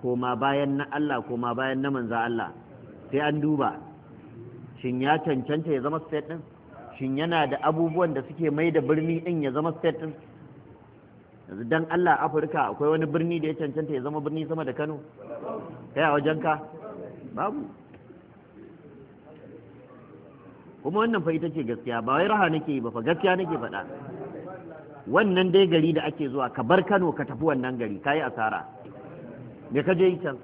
koma bayan na Allah koma bayan na manza Allah sai an duba shin ya cancanta ya zama state din shin yana da abubuwan da suke mai da birni din ya zama state din yanzu dan Allah Afirka akwai wani birni da ya cancanta ya zama birni sama da Kano kai a wajen ka babu kuma wannan fa ita ce gaskiya ba wai raha nake ba fa gaskiya nake faɗa wannan dai gari da ake zuwa ka bar Kano ka tafi wannan gari kai asara me ka je can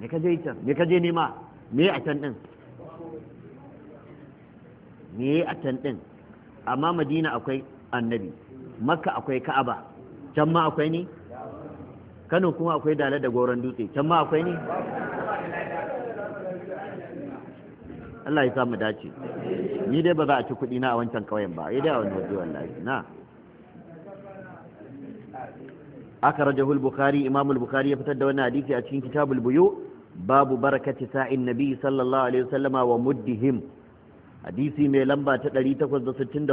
me ka je can me ka je nema me a can din me a can din amma madina akwai annabi makka akwai ka'aba can ma akwai ne kano kuma akwai dala da goron dutse can ma akwai ne Allah ya samu dace ni dai ba za a ci kuɗi na a wancan kauyen ba dai a wani waje wallahi na aka rajahul bukhari imamul bukhari ya fitar da wani hadisi a cikin kitabul buyu babu barakati sa'in nabi sallallahu alaihi wasallama wa muddihim hadisi mai lamba ta 864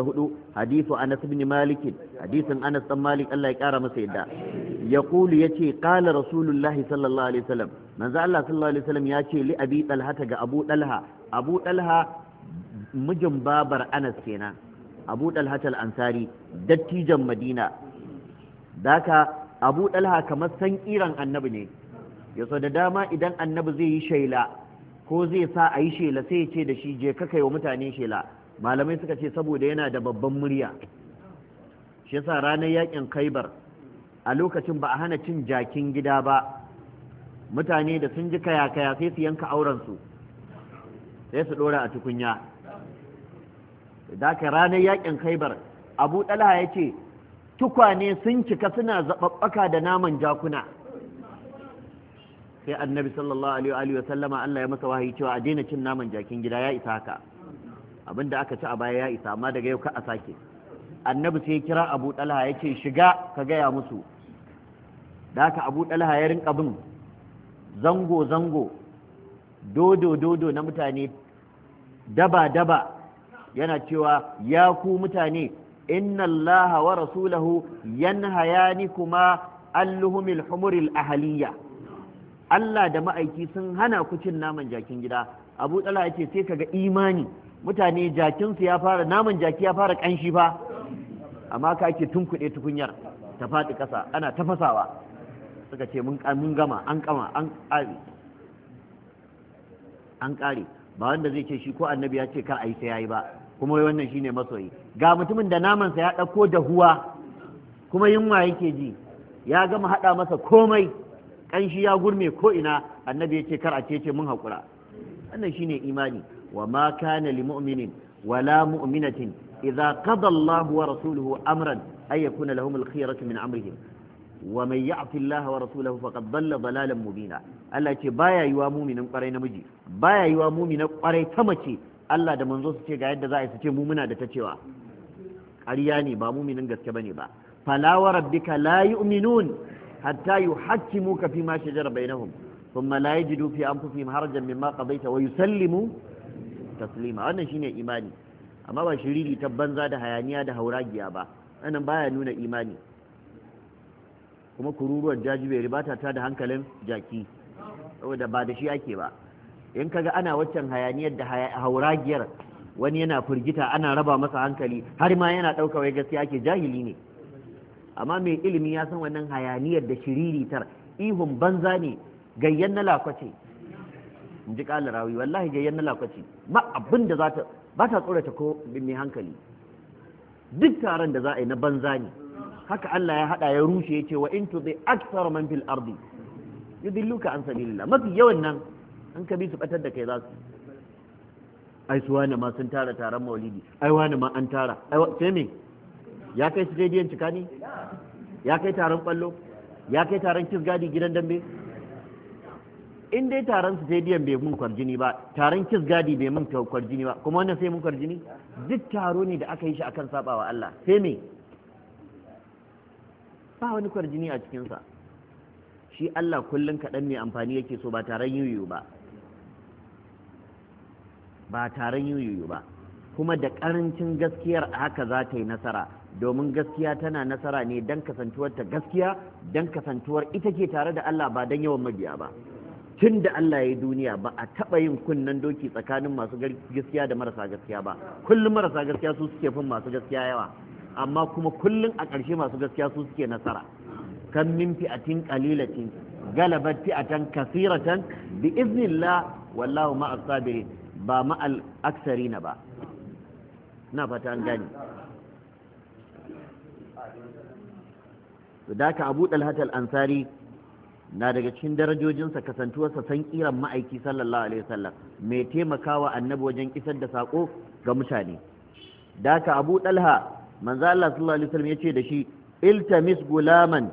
hadisu anas bin malik hadisin anas dan malik Allah ya kara masa yadda ya kulu yace qala rasulullahi sallallahu alaihi wasallam manzo Allah sallallahu alaihi wasallam ya ce li abi talha ga abu talha abu talha mijin babar anas kenan abu talha al ansari dattijan madina daka abu talha kamar san kiran annabi ne ya so da dama idan annabi zai yi shaila ko zai sa a yi shela sai ya ce da shi je kakai wa mutane shela malamai suka ce saboda yana da babban murya shi yasa ranar yakin kaibar a lokacin ba a hana cin jakin gida ba mutane da sun ji kaya-kaya sai su yanka aurensu sai su dora a tukunya da ranar yakin kaibar abu ɗalha ya ce tukwane sun cika suna zaɓaɓɓaka da naman jakuna sai annabi sallallahu alaihi wa sallama Allah ya masa wahayi cewa a daina cin naman jakin gida ya isa haka abinda aka ci a baya ya isa amma daga yau ka a sake annabi sai ya kira Abu Talha ya ce shiga ka gaya musu da haka Abu Talha ya rinka bin zango zango dodo dodo na mutane daba daba yana cewa ya ku mutane inna Allaha wa rasulahu yanhayani kuma alluhumil humuril ahliya Allah da ma'aiki sun hana ku cin naman jakin gida Abu ya yace sai kaga imani mutane jakin su ya fara naman jaki ya fara kanshi fa amma ka ake tunkuɗe tukunyar ta faɗi ƙasa ana tafasawa suka ce mun gama an kama an ƙare an ƙare ba wanda zai ce shi ko annabi ya ce kar a yi sai yayi ba kuma wannan shine masoyi ga mutumin da namansa ya ɗauko da huwa kuma yunwa yake ji ya gama haɗa masa komai kanshi ya gurme ko ina annabi yace kar a ce mun hakura wannan shine imani wa ma kana li mu'minin wala mu'minatin idza qada Allahu wa rasuluhu amran ay yakuna lahum al khiyaratu min amrihim wa man ya'ti Allah wa rasulahu faqad dhalla mubina Allah ce baya yiwa muminin kwarai namiji baya yiwa muminin kwarai ta mace Allah da manzo su ce ga yadda za a yi su ce mu muna da ta cewa ƙarya ne ba muminin gaske bane ba fala wa rabbika la yu'minun hatta ka fi ma shajara bainahum thumma la yajidu fi anfusihim harajan mimma qadaita wa yusallimu taslima wannan ne imani amma ba shiriri ta banza da hayaniya da hauragiya ba wannan ya nuna imani kuma kururuwar jajibe ribata ta da hankalin jaki saboda ba da shi ake ba in kaga ana waccan hayaniyar da hauragiyar wani yana firgita ana raba masa hankali har ma yana ɗauka wai gaskiya ake jahili ne amma mai ilimi ya san wannan hayaniyar da shiriritar ihun banza ne gayyan na lakwace in ji ƙala rawi wallahi gayyan na lakwace ba abin da za ta ba ta tsorata ko mai hankali duk taron da za a yi na banza ne haka Allah ya hada ya rushe ya ce wa in bi aktsara man fil ardi yudilluka an sabilillah mafi yawan nan an ka bi su batar da kai za su ai su wani ma sun tara taron maulidi ai wani ma an tara ai sai me ya kai su cikani cika ne ya kai taron kwallo ya kai taron kisgadi gidan dambe in dai taron su stadium bai mun kwarjini ba taron kis gadi bai mun kwarjini ba kuma wannan sai mun kwarjini duk taro ne da aka yi shi akan sabawa Allah sai me ba wani kwarjini a cikin sa shi Allah kullun kaɗan mai amfani yake so ba taron yuyu ba ba taron yuyu ba kuma da ƙarancin gaskiyar haka za ta yi nasara domin gaskiya tana nasara ne don kasantuwar gaskiya don kasantuwar ita ke tare da Allah ba don yawan mabiya ba tun da Allah ya yi duniya ba a taɓa yin kunnen doki tsakanin masu gaskiya da marasa gaskiya ba kullum marasa gaskiya su suke fin masu gaskiya yawa amma kuma kullum a ƙarshe masu gaskiya su suke nasara kan min fi'atin qalilatin galabat fi'atan kasiratan bi iznillah wallahu ma ba ma'al aksarina ba na fata an gani to abu ka abu dalhatal ansari na daga cikin darajojinsa kasantuwarsa san kiran ma'aiki sallallahu alaihi wasallam mai taimakawa annabi wajen isar da sako ga mutane daka abu dalha manzo Allah sallallahu alaihi wasallam yace da shi iltamis gulaman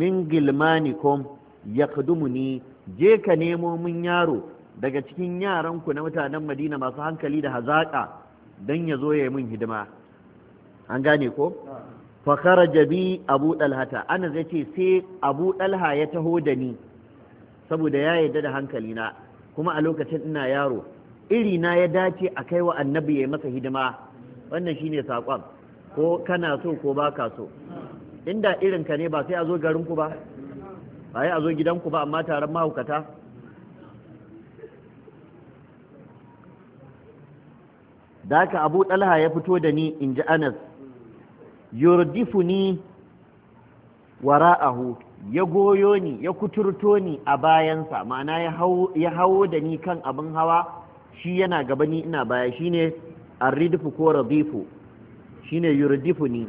min gilmanikum ni je ka nemo mun yaro daga cikin yaranku na mutanen Madina masu hankali da hazaka dan ya zo ya yi mun hidima an gane ko fa kharaja bi abu Ɗalhata, ana zai ce sai abu dalha ya taho da ni saboda ya yarda da hankalina kuma a lokacin ina yaro iri na ya dace a kai wa annabi ya masa hidima wannan shine saƙon ko kana so ko baka so inda irin ka ne ba sai a zo garinku ba ba a zo gidanku ba amma taron mahaukata da haka abu ɗalha ya fito da ni in ji anas yurdifuni wara'ahu ya goyo ni ya kuturto ni a bayansa ma'ana ya hawo da ni kan abin hawa shi yana gaba ni ina baya Shi ne arridifu ko radifu ne yurdifu ni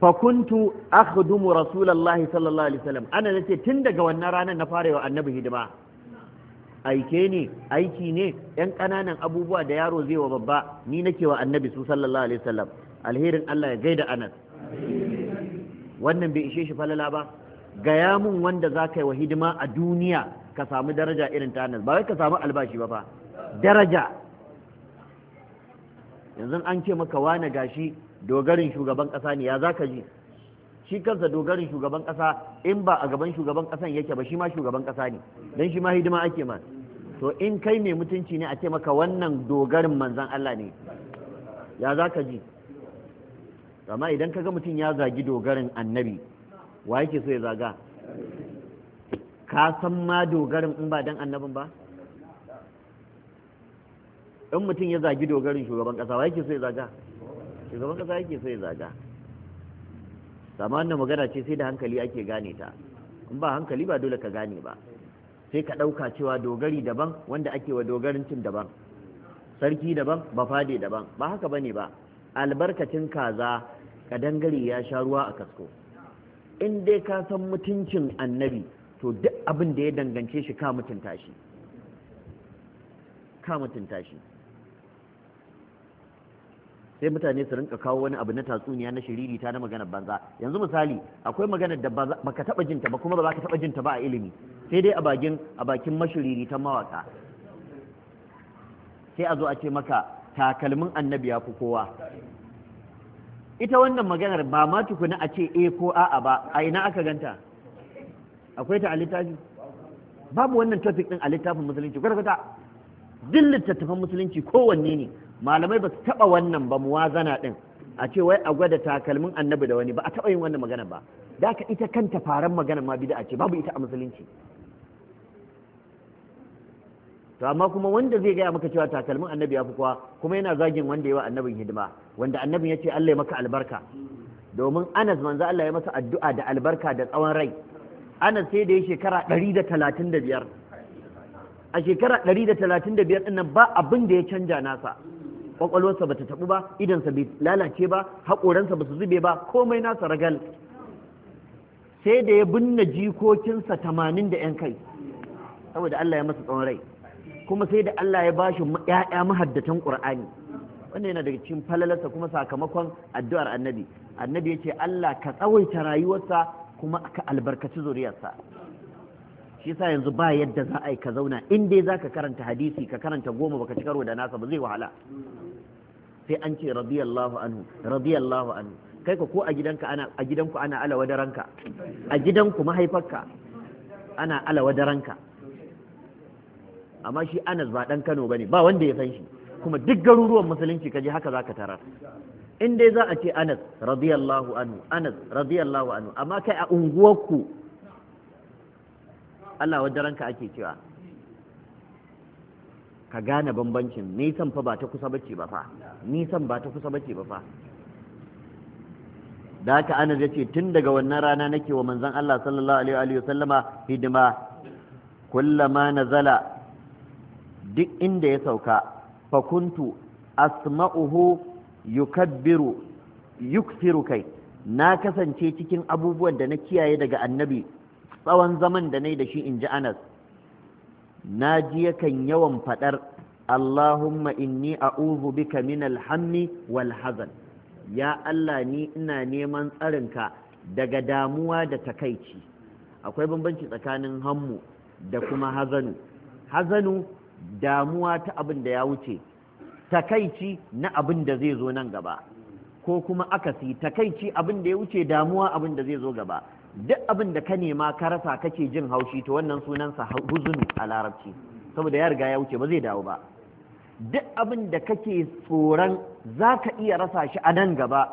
fakuntu akhdumu Rasulallah sallallahu alaihi wasallam ana nace tun daga wannan ranar na fara annabi hidima aike ne aiki ne yan ƙananan abubuwa da yaro zai wa babba ni nake wa annabi su sallallahu alaihi wasallam alherin Allah ya gaida anas wannan bai ishe shi falala ba gaya mun wanda za ka yi wa hidima a duniya ka samu daraja irin ta anas ba wai ka samu albashi ba fa daraja yanzu an ce maka wane gashi dogarin shugaban kasa ne ya za ka ji shi kansa dogarin shugaban kasa in ba a gaban shugaban kasan yake ba shi ma shugaban kasa ne don shi ma hidima ake ma to in kai mai mutunci ne a ce maka wannan dogarin manzan Allah ne ya za ka ji amma idan kaga mutum ya zagi dogarin annabi wa yake so ya zaga ka san ma dogarin in ba dan annabin ba in mutum ya zagi dogarin shugaban kasa wa yake so ya zaga shugaban kasa yake so ya zaga amma wannan magana ce sai da hankali ake gane ta in ba hankali ba dole ka gane ba sai ka ɗauka cewa dogari daban wanda ake wa cin daban sarki daban bafade daban ba haka bane ba albarkacin kaza kadangare ya sha ruwa a kasko in dai ka san mutuncin annabi to duk abin da ya dangance shi ka mutunta shi ka mutunta shi sai mutane su rinka kawo wani abu na tatsuniya na shiriri ta na maganar banza yanzu misali akwai maganar da ka taba jinta ba kuma ba ka taba jinta ba a ilimi sai dai a bakin a bakin mashiriri ta mawaka sai a zo a ce maka takalmin annabi ya fi kowa ita wannan maganar ba ma tukuna a ce e ko a'a ba a ina aka ganta akwai ta a littafi babu wannan topic din a littafin musulunci kwata-kwata duk littattafan musulunci kowanne ne malamai ba su taba wannan ba muwazana din a ce wai a gwada takalmin annabi da wani ba a taba yin wannan magana ba da ka ita kanta faran magana ma bid'a ce babu ita a musulunci to amma kuma wanda zai gaya maka cewa takalmin annabi ya fi kowa kuma yana zagin wanda yawa annabin hidima wanda annabin ya ce Allah ya maka albarka domin Anas manzo Allah ya masa addu'a da albarka da tsawon rai Anas sai da ya shekara 135 a shekara 135 din nan ba abin da ya canja nasa kwakwalwarsa bata tabu ba idansa bai lalace ba haƙoransa ba su zube ba komai nasa ragal sai da ya binne jikokinsa 80 da 'yan kai saboda Allah ya masa tsawon rai kuma sai da Allah ya bashi 'ya'ya mahaddatan Qur'ani wannan yana daga cikin falalarsa kuma sakamakon addu'ar annabi annabi ya ce Allah ka tsawaita rayuwarsa kuma ka albarkaci zuriyarsa shi yasa yanzu ba yadda za a yi ka zauna in dai za ka karanta hadisi ka karanta goma baka ci karo da nasa ba zai wahala sai an ce radiyallahu anhu radiyallahu anhu kai ko a gidanka ana a gidanku ana ala wadaranka a gidanku mahaifarka ana ala wadaranka amma shi Anas ba dan Kano bane ba wanda ya san shi kuma duk garuruwan musulunci kaje haka zaka tarar in dai za a ce Anas radiyallahu anhu Anas radiyallahu anhu amma kai a unguwarku Allah wajaranka ake cewa ka gane bambancin nisan fa ba ta kusa bace ba fa nisan ba ta kusa bace ba fa da haka Anas yace tun daga wannan rana nake wa manzon Allah sallallahu alaihi wa sallama hidima kullama nazala duk inda ya sauka fakuntu asma'uhu yukabbiru yukfiru kai na kasance cikin abubuwan da na kiyaye daga annabi tsawon zaman da na da shi in ji anas na ji yakan yawan faɗar allahumma inni a'udhu bika min alhammi wal hazan ya allah ni ina neman tsarinka daga damuwa da takaici akwai bambanci tsakanin hammu da kuma hazanu hazanu damuwa ta abin da ya wuce takaici na abin da zai zo nan gaba ko kuma akasi takaici abin da ya wuce damuwa abin da zai zo gaba duk abin da ka nema ka rasa kake jin haushi to wannan sunansa huzun a larabci saboda ya riga ya wuce ba zai dawo ba duk abin da kake tsoron za ka iya rasa shi a nan gaba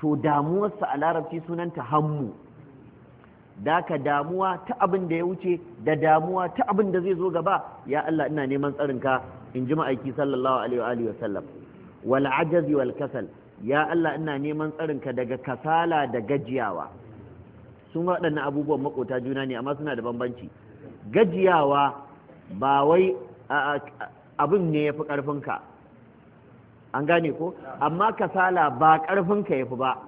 to damuwarsa a larabci sunanta hammu Da ka damuwa ta abin da ya wuce da damuwa ta abin da zai zo gaba ya Allah ina neman tsarinka in ji ma'aiki sallallahu alaihi wa alihi wasallam wal ajazi wal kasal ya Allah ina neman tsarinka daga kasala da gajiyawa sun waɗannan abubuwan makota juna ne amma suna da bambanci gajiyawa ba wai abin ne ya fi ƙarfinka an gane ko amma kasala ba ƙarfinka ya fi ba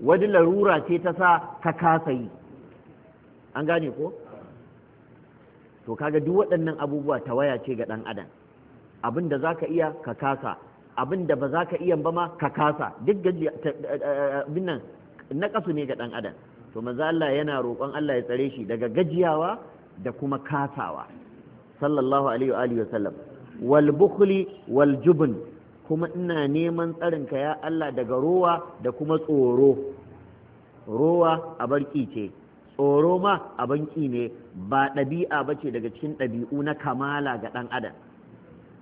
wani larura ce ta sa ka kasa yi an gane ko to kaga duk waɗannan abubuwa tawaya ce ga ɗan adam abin da zaka iya ka kasa abin da ba za ka iya ba ma ka kasa duk eh, eh, abin nan na kasu ne ga ɗan adam to maza Allah yana roƙon Allah ya tsare shi daga gajiyawa da kuma kasawa sallallahu alaihi wa alihi wal bukhli wal jubn kuma ina neman tsarinka ya Allah daga rowa da kuma tsoro rowa a barki ce tsoro ma abin ƙi ne ba ɗabi'a ba ce daga cikin ɗabi'u na kamala ga ɗan adam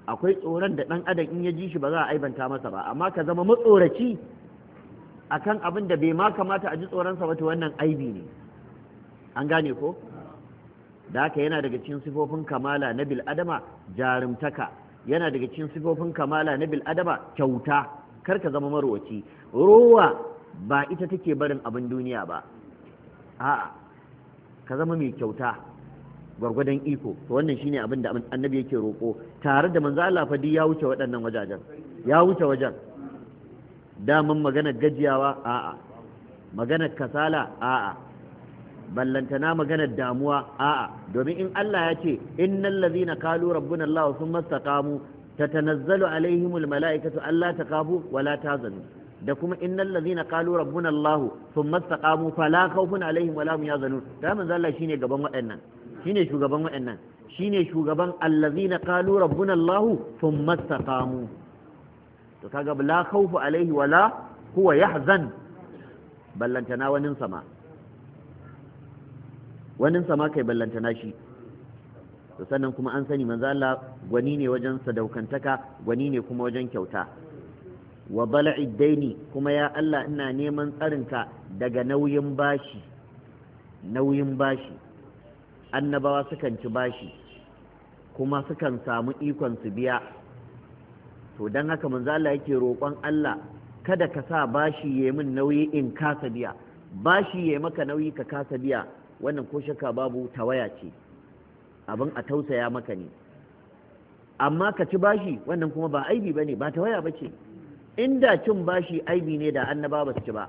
akwai tsoron da ɗan adam in ya ji shi ba za a aibanta masa ba amma ka zama matsoraci a kan abin da bai ma kamata a ji tsoronsa ba to wannan aibi ne an gane ko da haka yana daga cikin sifofin kamala na bil adama jarumtaka yana daga cikin sifofin kamala na bil adama kyauta kar ka zama marwaci rowa ba ita take barin abin duniya ba a'a ka zama mai kyauta gwargwadon iko to wannan shine abin da annabi yake roƙo tare da manzo Allah fa ya wuce waɗannan wajajen ya wuce wajen daman maganar gajiyawa a'a maganar kasala a'a ballantana maganar damuwa a'a domin in Allah ya ce innal ladhina qalu rabbuna Allah thumma istaqamu tatanazzalu alaihimul mala'ikatu alla takafu wala tazanu da kuma innal ladzina qalu rabbuna allah thumma istaqamu fala khawfun alaihim wala hum yahzanun da manzo Allah shine gaban waɗannan shine shugaban waɗannan shine shugaban allazina qalu rabbuna allah thumma istaqamu to kaga la khawfu alaihi wala huwa yahzan ballantana wanin sama wanin sama kai ballantana shi to sannan kuma an sani manzo Allah gwani ne wajen sadaukantaka gwani ne kuma wajen kyauta wa bala'id daini kuma ya Allah ina neman ka daga nauyin bashi nauyin bashi annabawa sukan ci bashi kuma sukan samu ikon su biya to don haka manzo Allah yake roƙon Allah kada ka sa bashi ya min nauyi in kasa biya bashi ya maka nauyi ka kasa biya wannan ko shakka babu tawaya ce abin a tausaya maka ne amma ka ci bashi wannan kuma ba aibi bane ba tawaya bace ce inda cin bashi aibi ne da annaba ba su ci ba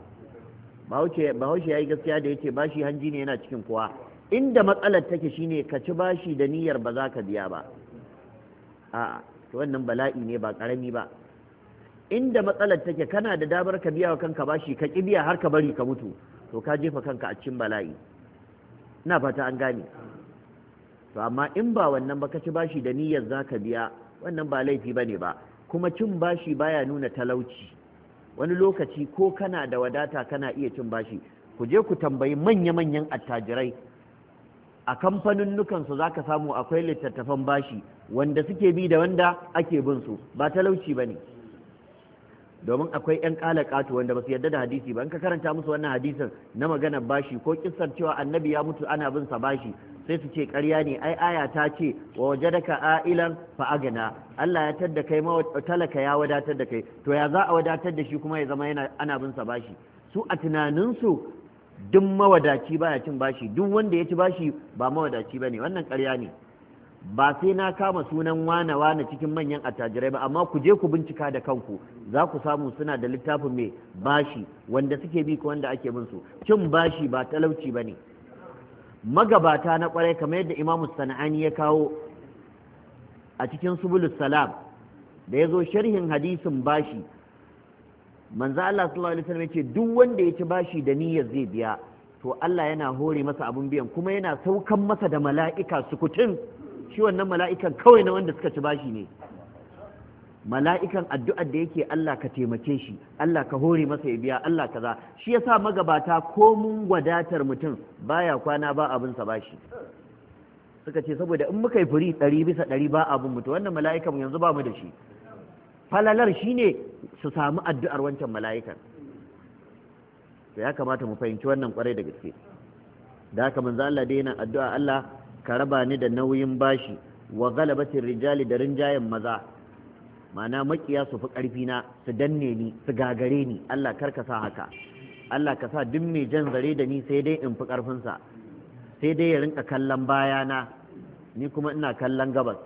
bahaushe ya yi gaskiya da ya ce bashi hanji ne yana cikin kuwa inda matsalar take shine ka ci bashi da niyyar ba za ka biya ba a'a wannan bala'i ne ba karami ba inda matsalar take kana da damar ka biya wa kanka bashi ka ki biya har ka bari ka mutu to ka jefa kanka a cikin bala'i ina fata an gane to amma in ba wannan ba ka ci bashi da niyyar za ka biya wannan ba laifi ba ne ba kuma cin bashi baya nuna talauci wani lokaci ko kana da wadata kana iya cin bashi ku je ku tambayi manya-manyan attajirai a kamfanin nukansu za ka samu akwai littattafan bashi wanda suke bi da wanda ake bin su ba talauci ba ne domin akwai yan kalakatu wanda basu yarda da hadisi ba in ka karanta musu wannan hadisin na magana bashi ko kissar cewa annabi ya mutu ana bin sa bashi sai su ce ƙarya ne ai aya ta ce wa wajadaka a'ilan fa agana Allah ya tadda kai ma talaka ya wadatar da kai to ya za a wadatar da shi kuma ya zama yana ana bin sa bashi su a tunanin su duk mawadaci baya cin bashi duk wanda ya ci bashi ba mawadaci bane wannan ƙarya ne ba sai na kama sunan wane wane cikin manyan attajirai ba amma ku je ku bincika da kanku za ku samu suna da littafin mai bashi wanda suke bi ko wanda ake bin su cin bashi ba talauci ba ne magabata na kwarai kamar yadda imamu sana'ani ya kawo a cikin subulus salam da ya zo sharhin hadisin bashi manzo Allah sallallahu alaihi wasallam ce duk wanda ya ci bashi da niyyar zai biya to Allah yana hore masa abun biyan kuma yana saukan masa da mala'ika sukutin shi wannan mala'ikan kawai na wanda suka ci bashi ne mala'ikan addu'ar da yake Allah ka taimake shi Allah ka hore masa ya biya Allah kaza shi yasa magabata ko mun gwadatar mutum baya kwana ba abin sa bashi suka ce saboda in muka yi furi ɗari bisa ɗari ba abin mutu wannan mala'ikan yanzu ba mu da shi falalar shi ne su samu addu'ar wancan mala'ikan to ya kamata mu fahimci wannan kwarai da gaske da haka manzo Allah dai yana addu'a Allah ka raba ni da nauyin bashi wa galabatin rijali da rinjayen maza mana makiya su fi ƙarfi na su danne ni su gagare ni Allah kar ka sa haka Allah ka sa duk mai jan zare da ni sai dai in fi ƙarfinsa sai dai ya rinka kallon bayana ni kuma ina kallon gabas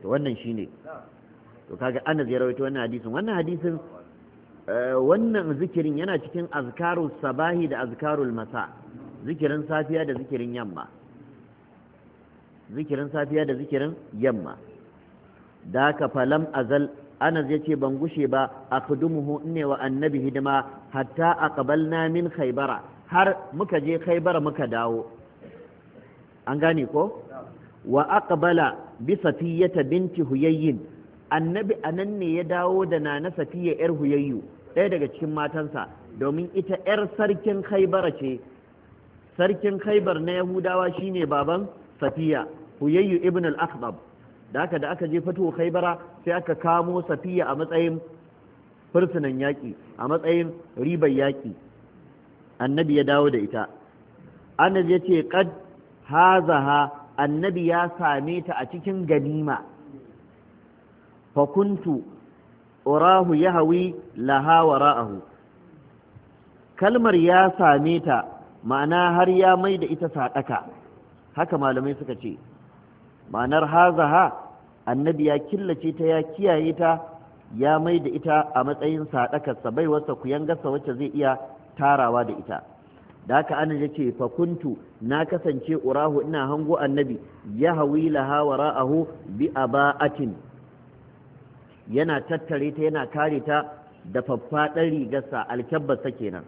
to wannan shine to kaga Anas ya rawaito wannan hadisin wannan hadisin eh, wannan zikirin yana cikin azkarus sabahi da azkarul masa zikirin safiya da zikirin yamma zikirin safiya da zikirin yamma da ka falam azal anas ya ce ban gushe ba a kudumuhu ne wa annabi hidima hatta a ƙabal min haibara, har muka je haibara muka dawo an gane ko wa aqbala bi safiyata binti huyayyin annabi anan ne ya dawo da nana safiya yar huyayyu ɗaya daga cikin matansa domin ita yar sarkin haibara ce sarkin haibar na yahudawa shine baban safiya huyayyu ibn al akhdab da aka da aka je fatuwa khaybara sai aka kamo safiya a matsayin fursunan yaƙi a matsayin ribar yaƙi annabi ya dawo da ita annabi ya ce kad hazaha annabi ya same ta a cikin ganima fakuntu urahu yahwi laha wara'ahu kalmar ya same ta ma'ana har ya mai da ita sadaka haka malamai suka ce ma'anar hazaha annabi ya killace ta ya kiyaye ta ya mai da ita a matsayin bai sadakarsa baiwarsa gasa wacce zai iya tarawa da ita da haka ana ya ce fakuntu na kasance urahu ina hango annabi ya hawi laha wa ra'ahu bi aba'atin yana tattare ta yana kare ta da faffaɗar rigarsa alkyabbasa kenan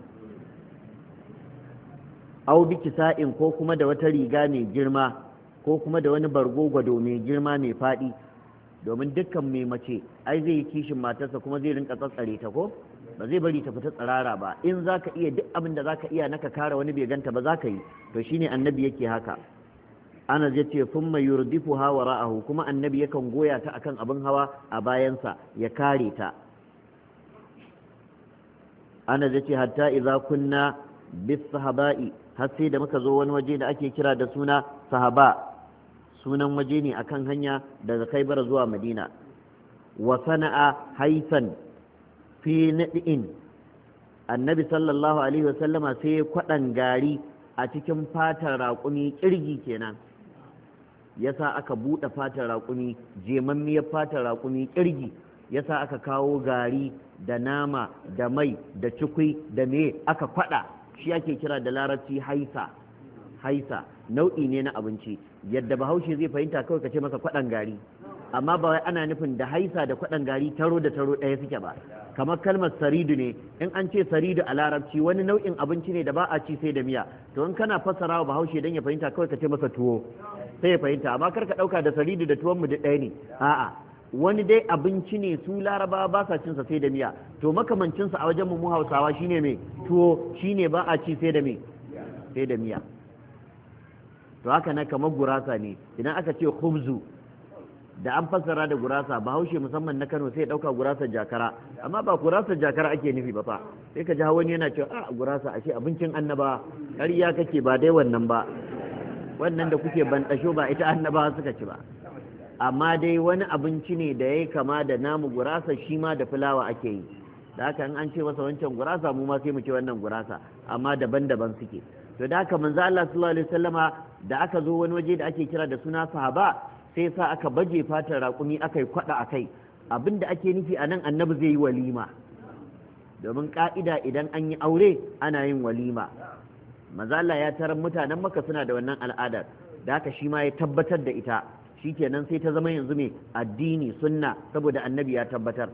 au biki sa'in ko kuma da wata riga mai girma ko kuma da wani bargo gwado mai girma mai faɗi domin dukkan mai mace ai zai yi kishin matarsa kuma zai rinka tsatsare ta ko ba zai bari ta fita tsirara ba in za ka iya duk abin da za ka iya naka kare wani bai ganta ba za ka yi to shine annabi yake haka anas ya ce sun mai yurdifu hawa ra'ahu kuma annabi yakan goya ta akan abin hawa a bayansa ya kare ta anas ya ce hatta idza kunna bis sahaba'i har sai da muka zo wani waje da ake kira da suna sahaba sunan waje ne akan hanya daga kaibar zuwa madina wa sana'a haifan fi naɗi'in annabi sallallahu alaihi wasallama sai ya kwaɗan gari a cikin fatar raƙumi ƙirgi kenan yasa aka buɗe fatar raƙumi jemammiyar fatar raƙumi ƙirgi yasa aka kawo gari da nama da mai da cikui da me aka kwaɗa shi ake kira da larabci haisa haisa nau'i ne na abinci yadda bahaushe zai fahimta kawai ka ce masa kwaɗan gari amma ba wai ana nufin da haisa da kwaɗan gari taro da taro ɗaya suke ba kamar kalmar saridu ne in an ce saridu a larabci wani nau'in abinci ne da ba a ci sai da miya to in kana fassara wa bahaushe don ya fahimta kawai ka ce masa tuwo sai ya fahimta amma kar ka ɗauka da saridu da tuwon mu da ɗaya ne a'a wani dai abinci ne su laraba ba sa cinsa sai da miya to makamancinsa a wajen mu hausawa shine mai tuwo shine ba a ci sai da miya to haka na kamar gurasa ne idan aka ce kubzu da an fassara da gurasa ba haushe musamman na kano sai ɗauka gurasa jakara amma ba gurasa jakara ake nufi ba fa sai ka ji wani yana cewa a ah, gurasa ashe abincin annaba ƙarya kake ba dai wannan ba wannan da kuke bandasho ba ita annaba suka ci ba amma dai wani abinci ne da ya kama da namu gurasa shi ma da fulawa ake yi da haka in an ce masa wancan gurasa mu ma sai mu ce wannan gurasa amma daban-daban suke to da haka manzo Allah sallallahu alaihi wasallama da aka zo wani waje da ake kira da suna sahaba sai sa aka baje fatar raƙumi akai kwada akai abinda ake nufi a nan annabi zai yi walima domin ka'ida idan an yi aure ana yin walima manzo Allah ya tarar mutanen maka suna da wannan al'adar da haka shi ma ya tabbatar da ita shi shikenan sai ta zama yanzu mai addini sunna saboda annabi ya tabbatar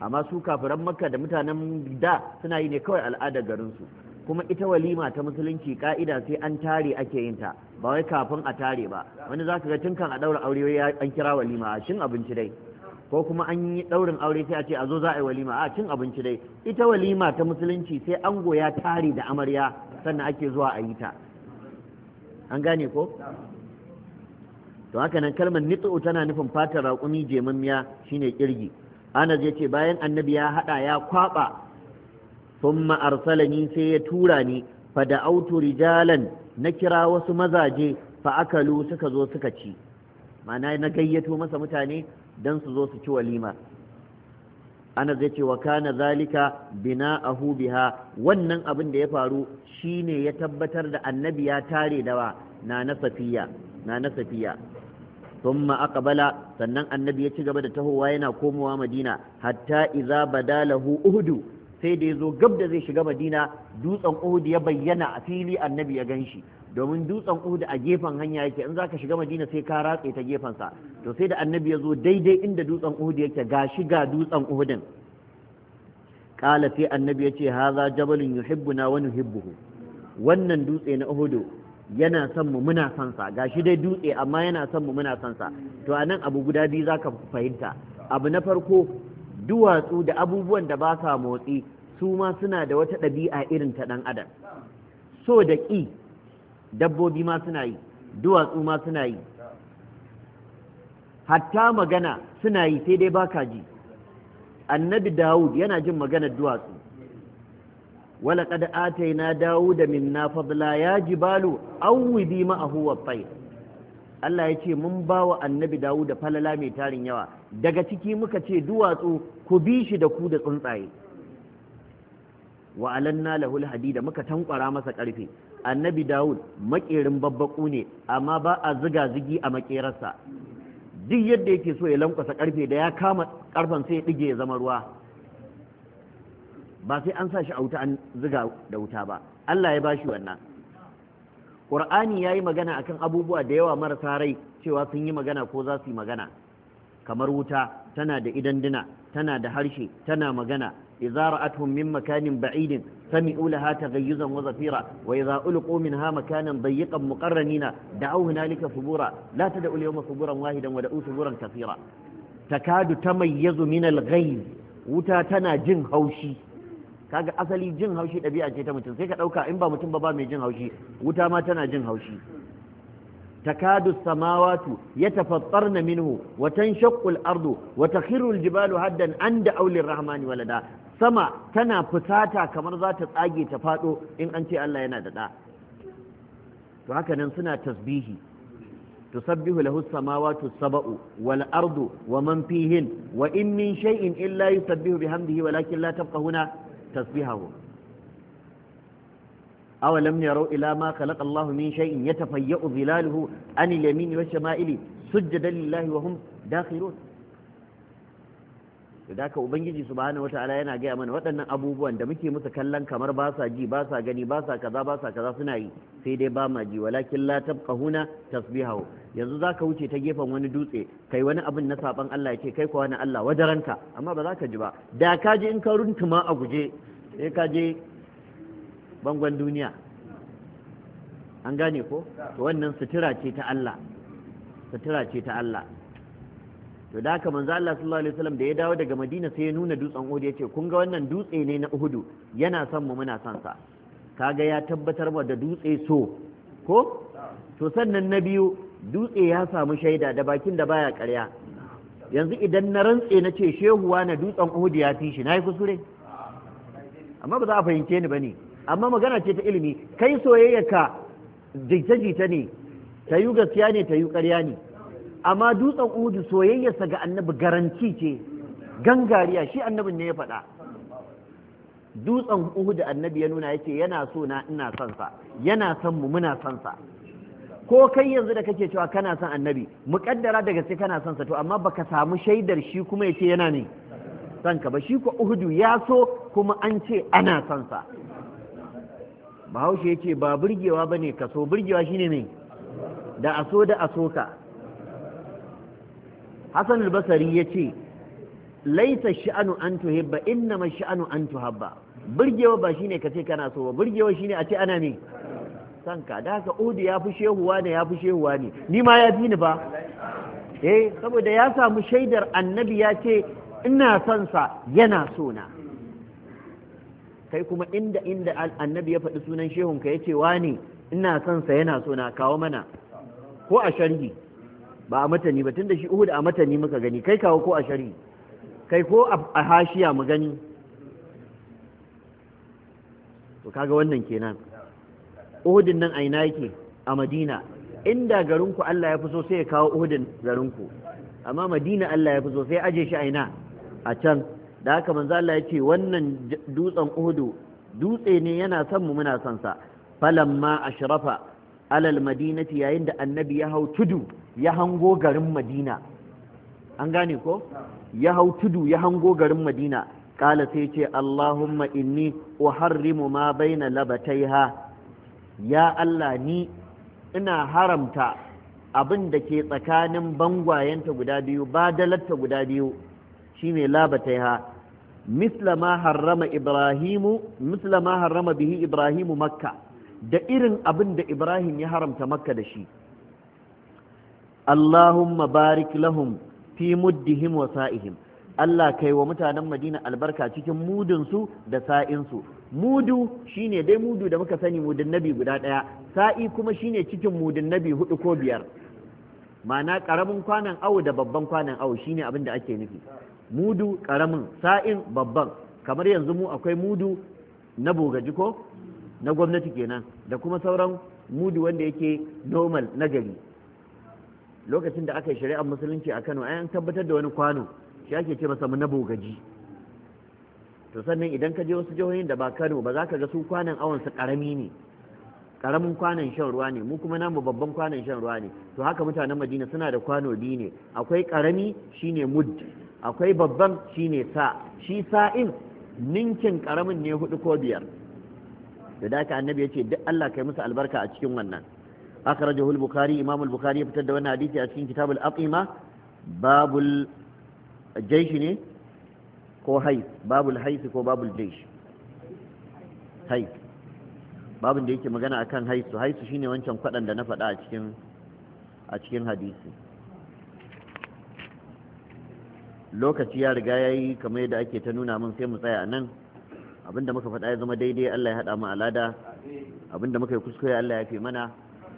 amma su kafiran makka da mutanen da suna yi ne kawai al'adar garinsu kuma ita walima ta musulunci ka'ida sai an tare ake yin ta ba wai kafin a tare ba wani za ka ga tun kan a ɗaura aure an kira walima a cin abinci dai ko kuma an yi ɗaurin aure sai a ce a zo za a yi walima a cin abinci dai ita walima ta musulunci sai an goya tare da amarya sannan ake zuwa a yi ta an gane ko to haka nan kalmar nitsu tana nufin fatar raƙumi jemammiya shine kirgi anas ya ce bayan annabi ya haɗa ya kwaɓa thumma arsalani sai ya tura ni fa autu rijalan na kira wasu mazaje fa akalu suka zo suka ci ma'ana na gayyato masa mutane don su zo su ci walima ana ya ce wa kana zalika ahu biha wannan abin da ya faru shine ya tabbatar da annabi ya tare da wa na na safiya na na safiya ثم أقبل sannan annabi ya ci gaba da tahowa yana إذا madina hatta idza badalahu uhudu sai da yazo gab da zai shiga madina dutsen uhud ya bayyana a fili annabi ya ganshi domin dutsen uhud a gefen hanya yake in zaka shiga madina sai ka ratse ta gefen sa to sai da annabi ya zo daidai inda dutsen uhud yake ga shi ga dutsen uhudin qala sai annabi ya ce haza jabalun yuhibbuna wa nuhibbuhu wannan dutse na uhudu yana son mu muna son sa gashi dai dutse amma yana son mu muna son sa to anan abu guda biyu zaka fahimta abu na farko duwatsu da abubuwan da ba sa motsi su ma suna da wata ɗabi'a irin ta ɗan adam so da ƙi dabbobi ma suna yi duwatsu ma suna yi hatta magana suna yi sai dai baka ji annabi dawud yana jin maganar duwatsu ولقد آتينا داود منا فضلا يا جبال ma معه والطير Allah ya ce mun ba wa annabi Dawud da falala mai tarin yawa daga ciki muka ce duwatsu ku bi shi da ku da tsuntsaye wa alanna lahul hadida muka tankwara masa karfe annabi Dawud makerin babbaku ne amma ba a ziga zigi a makerarsa duk yadda yake so ya lankwasa karfe da ya kama karfan sai ya dige ya zama ruwa ba sai an sa shi a wuta an ziga da wuta ba Allah ya bashi wannan Qur'ani yayi magana akan abubuwa da yawa marasa rai cewa sun yi magana ko za su yi magana kamar wuta tana da idanduna tana da harshe tana magana idza ra'atuhum min makanin ba'idin sami'u laha taghayyuzan wa zafira wa idza ulqu minha makanan dayiqan muqarranina da'aw hunalika subura la tad'u al-yawma suburan wahidan wa da'u suburan kathira takadu tamayyazu min al-ghayb wuta tana jin haushi kaga asali jin haushi ɗabi'a ce ta mutum sai ka ɗauka in ba mutum ba ba mai jin haushi wuta ma tana jin haushi takadu samawatu ya yatafattarna minhu wa tanshaqqu al-ardu wa takhiru al-jibalu haddan an da'u lir-rahmani walada sama tana fusata kamar za ta tsage ta fado in an ce Allah yana da da to haka nan suna tasbihi تسبح له السماوات السبع والأرض ومن wa وإن من شيء إلا يسبح بحمده ولكن لا تفقهون tasbihahu awalam yarau ila ma khalaqa Allahu min shay'in yatafayyu zilaluhu an al-yamin wa shama'ili sujjadan lillahi wa hum dakhirun da haka ubangiji subhanahu wataala yana gaya mana waɗannan abubuwan da muke musu kallon kamar ba sa ji ba sa gani ba sa kaza ba sa kaza suna yi sai dai ba ma ji walakin la tabqahuna tasbihahu yanzu zaka wuce ta gefen wani dutse kai wani abin na saban Allah ya kai ko wani Allah wajaranka amma ba za ka ji ba da ka ji in ka runtuma a guje sai ka je bangon duniya an gane ko wannan sutura ce ta Allah sutura ce ta Allah to da haka manzo Allah sallallahu alaihi wasallam da ya dawo daga Madina sai ya nuna dutsen Uhud yace kun ga wannan dutse ne na Uhud yana san mu muna son sa kaga ya tabbatar da dutse so ko to sannan na biyu dutse ya samu shaida da bakin da baya ƙarya yanzu idan na rantse na ce shehuwa na dutsen Uhud ya fi shi nayi kusure amma ba za a fahimce ni bane amma magana ce ta ilimi kai soyayya ka jita-jita ne ta yi gaskiya ne ta yi ƙarya ne amma dutsen uhudu soyayyarsa ga annabi garanti ce gangariya shi annabin ne ya faɗa dutsen uhudu annabi ya nuna yake yana so na ina son sa yana son mu muna son sa ko kai yanzu da kake cewa kana son annabi muƙaddara daga sai kana son sa to amma baka samu shaidar shi kuma yace yana ne son ka ba shi ko uhudu ya so kuma an ce ana son sa bahaushe ce ba burgewa bane kaso burgewa shine ne da aso da aso ka. hassan al ya ce, laisa sha'anu an tuhibba innama sha'anu an tuhabba burgewa ba shine ce kana so ba burgewa shine a ce ana ne sanka da haka udu ya fi shehuwa ne ya fi shehuwa ne ni ma ya fi ni ba eh saboda ya samu shaidar annabi ya ce ina son sa yana so na kai kuma inda inda annabi ya faɗi sunan shehunka ya ce wane ina son sa yana so na kawo mana ko a sharhi ba a matani ba tun da shi uhud a matani muka gani kai kawo ko a shari kai ko a hashiya mu gani to kaga wannan kenan uhudin nan a ina yake a madina inda garinku Allah ya fi so sai ya kawo uhudin garinku amma madina Allah ya fi so sai aje shi a ina a can da haka manzo Allah ya ce wannan dutsen uhudu dutse ne yana san mu muna son sa falamma ashrafa alal madinati yayin da annabi ya hau tudu ya hango garin madina an gane ko ya hau tudu ya hango garin madina kala sai ce allahumma inni uharrimu ma baina labataiha ya allah ni ina haramta abin da ke tsakanin bangwayenta guda biyu badalarta guda biyu shine labataiha misla ma harrama ibrahimu misla ma harrama bihi ibrahimu makka da irin abin da ibrahim ya haramta makka da shi allahumma barik lahum fi muddihim wa sa'ihim Allah kai wa mutanen Madina albarka cikin mudinsu da sa'insu mudu shine dai mudu da muka sani mudin nabi guda ɗaya sa'i kuma shine cikin mudin nabi hudu ko biyar ma'ana karamin kwanan awu da babban kwanan awu shine abin da ake nufi mudu karamin sa'in babban kamar yanzu mu akwai mudu na bogaji ko na gwamnati kenan da kuma sauran mudu wanda yake normal na gari lokacin da aka yi shari'ar musulunci a kano an tabbatar da wani kwano shi ake ce masa na bogaji to sannan idan ka je wasu jihohin da ba kano ba za ka ga su kwanan awon su karami ne karamin kwanan shan ruwa ne mu kuma namu babban kwanan shan ruwa ne to haka mutanen madina suna da kwano biyu ne akwai karami shine mud akwai babban shine sa shi sa'in ninkin karamin ne hudu ko biyar to da haka annabi ya ce duk Allah kai musu albarka a cikin wannan akhrajahu al-bukhari imam al-bukhari ya fitar da wannan hadisi a cikin kitab al-aqima babul jaysh ne ko hay babul hays ko babul jaysh hay babin da yake magana akan haisu haisu shine wancan kwadan da na faɗa a cikin a cikin hadisi lokaci ya riga yayi kamar yadda ake ta nuna min sai mu tsaya nan abinda muka faɗa ya zama daidai Allah ya haɗa mu alada abinda muka yi kuskure Allah ya fi mana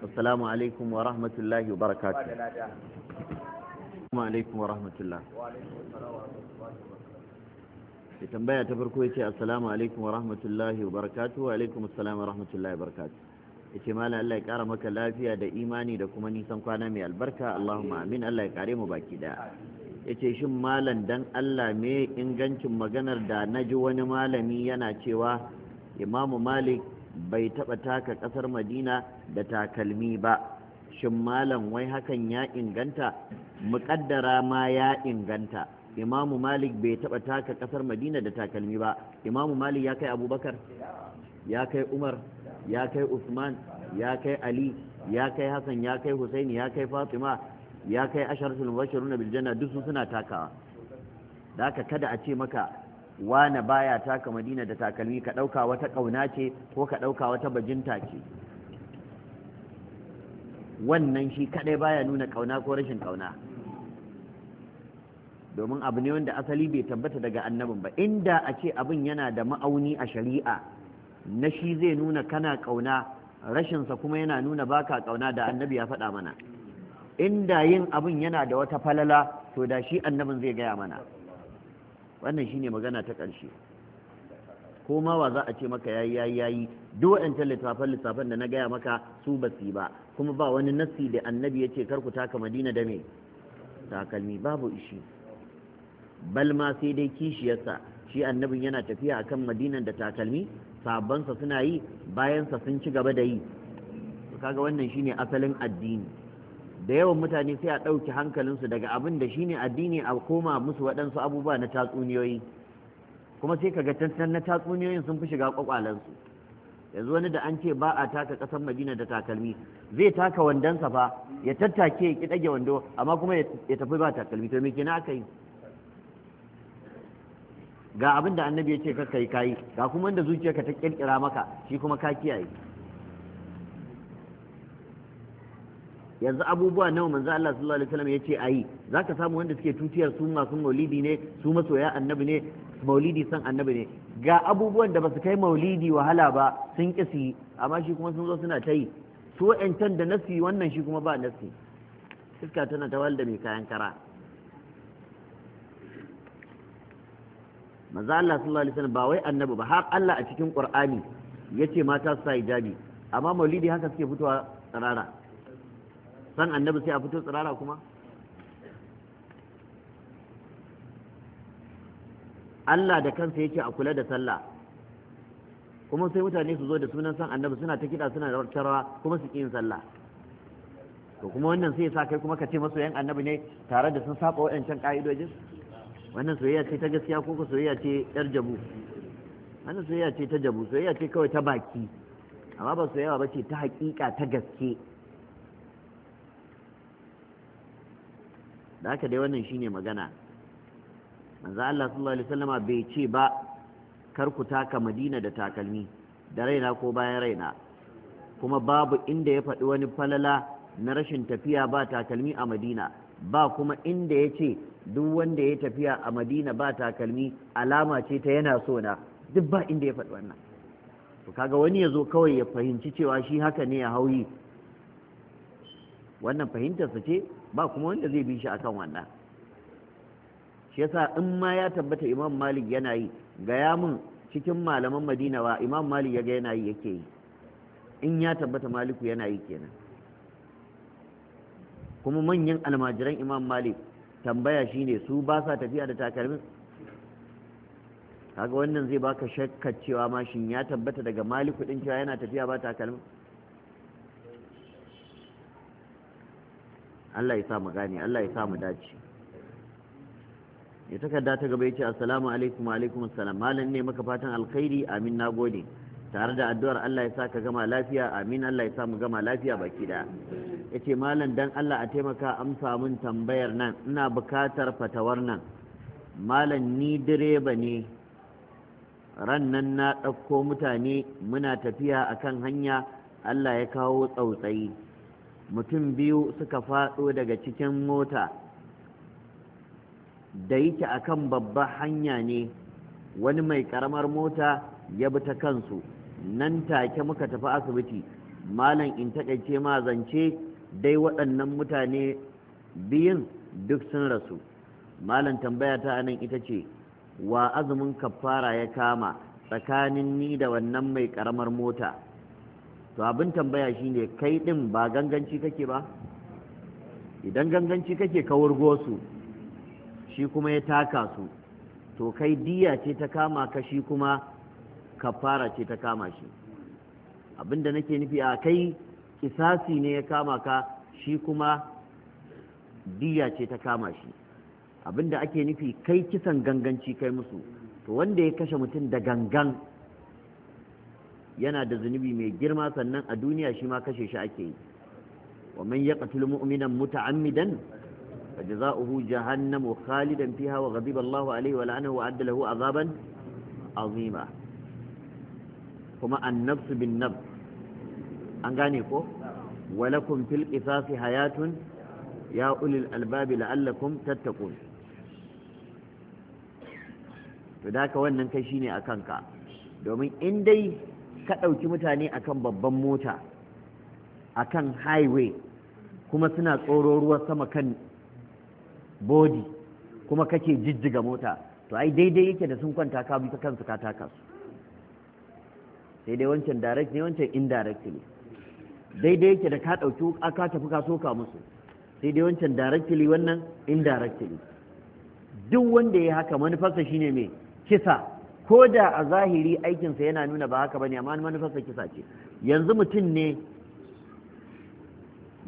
assalamu alaikum wa rahmatullahi wa barakatuh assalamu alaikum wa rahmatullah ya tambaya ta farko ya ce assalamu alaikum wa rahmatullahi wa barakatuh wa alaikum assalamu wa rahmatullahi wa barakatuh ya ce mala Allah ya kara maka lafiya da imani da kuma nisan kwana mai albarka Allahumma amin Allah ya kare mu baki daya ya ce shin malam dan Allah me ingancin maganar da na ji wani malami yana cewa imamu malik bai taɓa taka ƙasar madina da takalmi ba shin malam wai hakan ya inganta muƙaddara ma ya inganta imamu malik bai taɓa taka ƙasar madina da takalmi ba imamu malik ya kai abubakar ya kai umar ya kai usman ya kai ali ya kai hassan ya kai husaini ya kai fatima ya kai asharatul mubashiruna bil janna duk su suna takawa da haka kada a ce maka wane baya taka madina da takalmi ka dauka wata kauna ce ko ka dauka wata bajinta ce wannan shi kadai baya nuna kauna ko rashin kauna domin abu ne wanda asali bai tabbata daga annabin ba inda a ce abin yana da ma'auni a shari'a na shi zai nuna kana kauna rashinsa kuma yana nuna baka kauna da annabi ya faɗa mana inda yin abin yana da wata falala to da shi annabin zai gaya mana wannan shi ne magana ta ƙarshe ko ma wa za a ce maka yayi yayi yayi duk waɗancan littafan littafan da na gaya maka su ba su ba kuma ba wani nassi da annabi ya ce kar ku taka madina da me takalmi babu ishi bal ma sai dai kishiyarsa shi annabin yana tafiya akan madinan da takalmi sabansa suna yi bayansa sun ci gaba da yi kaga wannan shine asalin addini da yawan mutane sai a ɗauki hankalinsu daga abin da shine addini a koma musu waɗansu abubuwa na tatsuniyoyi kuma sai ka ga tantan na tatsuniyoyin sun fi shiga kwakwalansu yanzu wani da an ce ba a taka ƙasar madina da takalmi zai taka wandonsa fa ya tattake ya ɗage wando amma kuma ya tafi ba takalmi to me kina aka yi ga abin da annabi ya ce ka kai kayi ga kuma wanda zuciyarka ta ƙirƙira maka shi kuma ka kiyaye yanzu abubuwa nawa manzo Allah sallallahu alaihi wasallam yace ayi zaka samu wanda suke tutiyar su masu maulidi ne su masoya annabi ne maulidi san annabi ne ga abubuwan da basu kai maulidi wahala ba sun kisi amma shi kuma sun zo suna ta yi su wa'ancan da nasi wannan shi kuma ba nasi iska tana ta walda mai kayan kara manzo Allah sallallahu alaihi wasallam ba wai annabi ba har Allah a cikin Qur'ani yace mata su sa hijabi amma maulidi haka suke fitowa tsarara san annabi sai a fito tsirara kuma Allah da kansa yake a kula da sallah kuma sai mutane su zo da sunan san annabi suna ta kiɗa suna da rawa kuma su ƙi yin sallah to kuma wannan sai sa kai kuma ka ce masoyan annabi ne tare da sun saba wa'ancan ƙa'idojin wannan soyayya ce ta gaskiya ko soyayya ce yar jabu wannan soyayya ce ta jabu soyayya ce kawai ta baki amma ba soyayya ba ce ta haƙiƙa ta gaske da haka dai wannan shine magana manzo Allah sallallahu alaihi wasallama bai ce ba kar ku taka Madina da takalmi da raina ko bayan raina kuma babu inda ya faɗi wani falala na rashin tafiya ba takalmi a Madina ba kuma inda ya ce duk wanda ya tafiya a Madina ba takalmi alama ce ta yana so na duk ba inda ya faɗi wannan to kaga wani ya zo kawai ya fahimci cewa shi haka ne ya hauyi wannan fahimtarsa ce ba kuma wanda zai bi shi akan wannan shi yasa in ma ya tabbata imam malik yana yi gaya mun cikin malaman madina ba imam malik ya ga yana yi yake yi in ya tabbata maliku yana yi kenan kuma manyan almajiran imam malik tambaya shine su ba sa tafiya da takalmin kaga wannan zai baka shakkar cewa mashin ya tabbata daga maliku din cewa yana tafiya ba takalmin Allah ya sa mu gane Allah ya sa mu dace ita takarda ta gaba yace assalamu alaikum wa alaikum assalam malam ne maka fatan alkhairi amin nagode tare da addu'ar Allah ya sa ka gama lafiya amin Allah ya sa mu gama lafiya baki da yace malam dan Allah a taimaka amsa mun tambayar nan ina bukatar fatawar nan malam ni direba ne ran nan na ɗauko mutane muna tafiya akan hanya Allah ya kawo tsautsayi mutum biyu suka faɗo daga cikin mota da yake a kan babba hanya ne wani mai ƙaramar mota ya bi ta kansu nan take muka tafi asibiti malam in takaice ma zance dai waɗannan mutane biyun duk sun rasu malam tambaya ta anan ita ce wa azumin kafara ya kama tsakanin ni da wannan mai ƙaramar mota to abin tambaya shine kai din ba ganganci kake ba idan ganganci kake ka wurgo su shi kuma ya taka su to kai diya ce ta kama ka shi kuma kafara ce ta kama shi abin da nake nufi a kai kisasi ne ya kama ka shi kuma diya ce ta kama shi abin da ake nufi kai kisan ganganci kai musu to wanda ya kashe mutum da gangan yana da zunubi mai girma sannan a duniya shi ma kashe shi ake yi wa man yaqtul mu'minan muta'ammidan fajza'uhu jahannamu khalidan fiha wa ghadiba Allahu alayhi wa la'anahu wa adda lahu azaban azima kuma an-nafs bin-nafs an gane ko wa lakum fil qisasi hayatun ya ulil albabi la'allakum tattaqun to da ka wannan kai shine akan ka domin in dai ka ɗauki mutane akan babban mota akan highway kuma suna tsoro ruwa sama kan bodi kuma kake jijjiga mota to ai daidai yake da sun kwanta ka bi ta kansu ka taka su sai dai wancan direct ne wancan indirect ne daidai yake da ka ɗauki aka tafi ka soka musu sai dai wancan directly wannan indirectly duk wanda ya haka manufarsa shine mai kisa ko da a zahiri aikinsa yana nuna ba haka ba ne amma manufarsa kisa ce yanzu mutum ne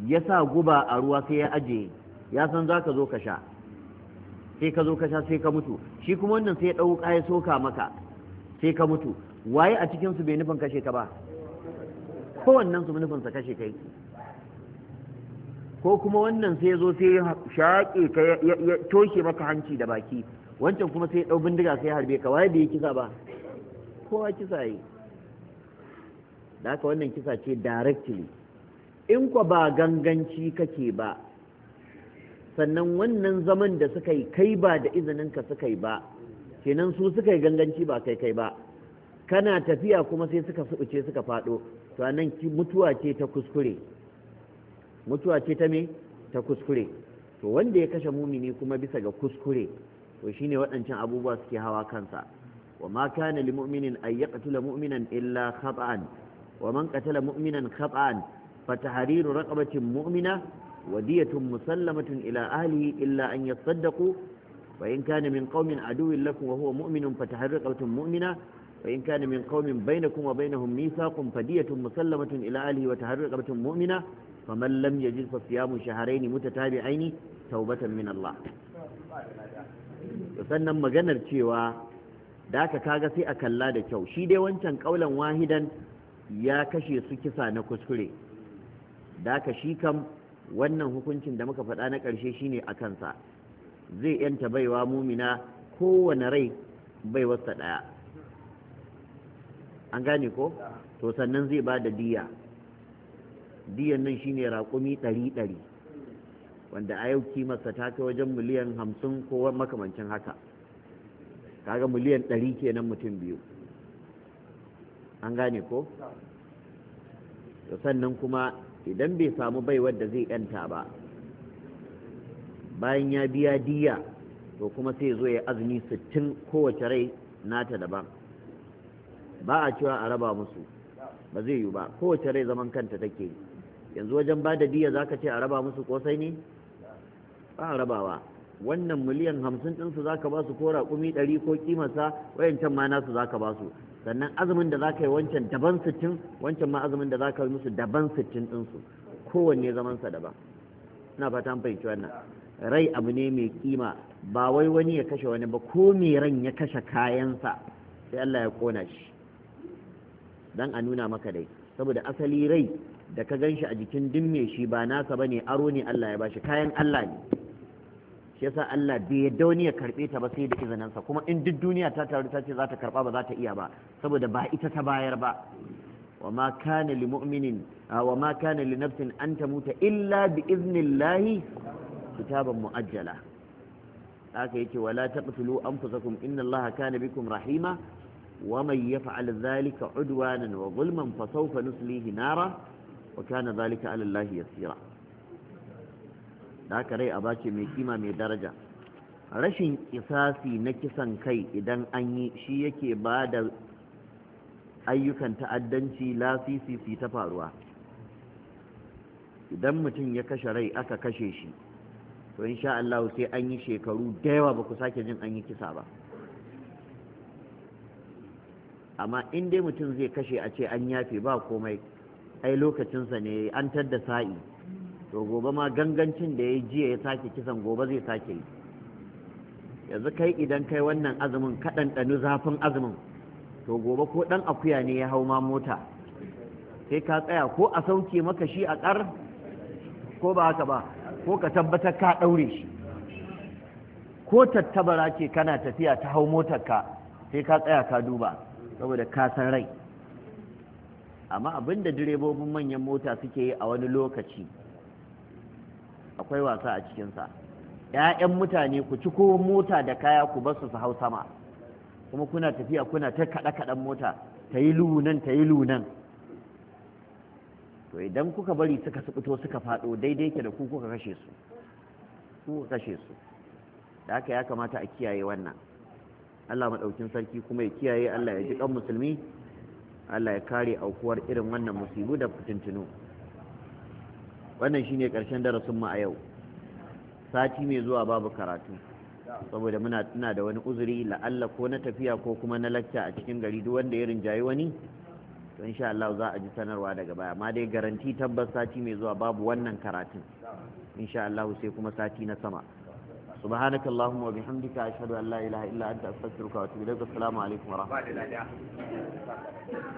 ya sa guba a ruwa sai ya ajiye ya san za ka zo ka sha sai ka zo ka sha sai ka mutu shi kuma wannan sai ya ɗauka ya soka maka sai ka mutu waye a cikinsu bai nufin kashe ka ba kowannen su nufin sa kashe kai ko kuma wannan sai ya zo sai ya shaƙe ka ya toshe maka hanci da baki wancan kuma sai ya ɗau bindiga sai harbe ka waye bai kisa ba kowa kisa yi da haka wannan kisa ce directly in kwa ba ganganci kake ba sannan wannan zaman da suka yi kai ba da izinin ka suka yi ba kenan su suka yi ganganci ba kai kai ba kana tafiya kuma sai suka suɓuce suka faɗo to nan mutuwa ce ta kuskure mutuwa ce ta me ta kuskure to wanda ya kashe mumini kuma bisa ga kuskure to shine waɗancan abubuwa suke hawa kansa wa ma kana lil mu'minin ay yaqtula mu'minan illa khata'an wa man qatala mu'minan khata'an fa tahriru raqabatin mu'mina wa diyatun musallamatun ila ahlihi illa an yasaddaqu wa in kana min qaumin aduwwin lakum wa huwa mu'minun fa tahriru raqabatin mu'mina وإن كان من قوم بينكم وبينهم ميثاق فدية مسلمة إلى أهله وتحرير رقبة مؤمنة فمن لم يجد فصيام شهرين متتابعين توبة من الله sannan maganar cewa da ka kaga sai a kalla da kyau shi dai wancan kaulan wahidan ya kashe su kisa na kuskure da ka shi kam wannan hukuncin da muka faɗa na ƙarshe shine a kansa zai yanta baiwa mumina kowane rai bai baiwarsa ɗaya an gane ko to sannan zai ba da diya diyan nan shine raƙumi ɗari ɗari wanda a yau kimarsa ta kai wajen miliyan hamsin ko makamancin haka kaga miliyan ɗari kenan mutum biyu an gane ko sannan kuma idan bai samu baiwar da zai yanta ba bayan ya biya diya to kuma sai zo ya azumi sittin kowace rai nata daban ba a cewa a raba musu ba zai yi ba kowace rai zaman kanta take yanzu wajen ba da diya za ka ce a raba musu kosai ne ba rabawa wannan miliyan hamsin ɗinsu za ka ba su ko raƙumi ɗari ko kimarsa wayancan ma nasu za ka ba su sannan azumin da za ka yi wancan daban sittin wancan ma azumin da za ka yi musu daban sittin ɗinsu kowanne zamansa daban ina fata an fahimci wannan rai abu ne mai kima ba wai wani ya kashe wani ba ko mai ran ya kashe kayansa sai Allah ya kona shi dan a nuna maka dai saboda asali rai da ka ganshi a jikin dimme shi ba nasa bane aro ne Allah ya bashi kayan Allah ne shi yasa Allah bai yadda wani ya ta ba sai da izininsa kuma in duk duniya ta taru ta ce za ta karba ba za ta iya ba saboda ba ita ta bayar ba wa ma kana li mu'minin wa ma kana li nafsin an tamuta illa bi iznillahi kitaban mu'ajjala haka yake wala taqtulu anfusakum inna Allaha kana bikum rahima wa man yaf'al dhalika udwanan wa zulman fa sawfa nuslihi nara wa kana dhalika 'ala yasira da aka rai a bace mai kima mai daraja rashin kisasi na kisan kai idan an yi shi yake ba da ayyukan ta'addanci lasisi ta faruwa idan mutum ya kashe rai aka kashe shi to insha Allah sai an yi shekaru da yawa ba ku sake jin an yi kisa ba amma in dai mutum zai kashe a ce an yafe ba komai ai lokacinsa ne an tadda sa'i to gobe ma gangancin da ya jiya ya sake kisan gobe zai sake yi yanzu kai idan kai wannan azumin ka ɗanɗani zafin azumin to gobe ko ɗan akuya ne ya hau ma mota sai ka tsaya ko a sauke maka shi a ƙar ko ba haka ba ko ka tabbatar ka ɗaure shi ko tattabara ce kana tafiya ta hau motarka sai ka tsaya ka duba saboda ka san rai amma abinda direbobin manyan mota suke yi a wani lokaci akwai wasa a cikinsa ‘ya'yan mutane ku ci ko mota da kaya ku basu su hau sama kuma kuna tafiya kuna ta kaɗa-kaɗan mota ta yi lunan ta yi lunan to idan kuka bari suka fito suka faɗo daidai ke da ku kuka kashe su kuka kashe su da haka ya kamata a kiyaye wannan Allah maɗaukin sarki kuma ya kiyaye Allah ya ji kan musulmi Allah ya kare aukuwar irin wannan musibu da fitintunu wannan shine karshen darasin mu a yau sati mai zuwa babu karatu saboda muna tuna da wani uzuri la'alla ko na tafiya ko kuma na lacca a cikin gari duk wanda ya rinjayi wani to insha Allah za a ji sanarwa daga baya amma dai garanti tabbas sati mai zuwa babu wannan karatun insha Allah sai kuma sati na sama سبحانك اللهم وبحمدك أشهد أن لا إله إلا أنت أستغفرك وأتوب إليك السلام عليكم ورحمة الله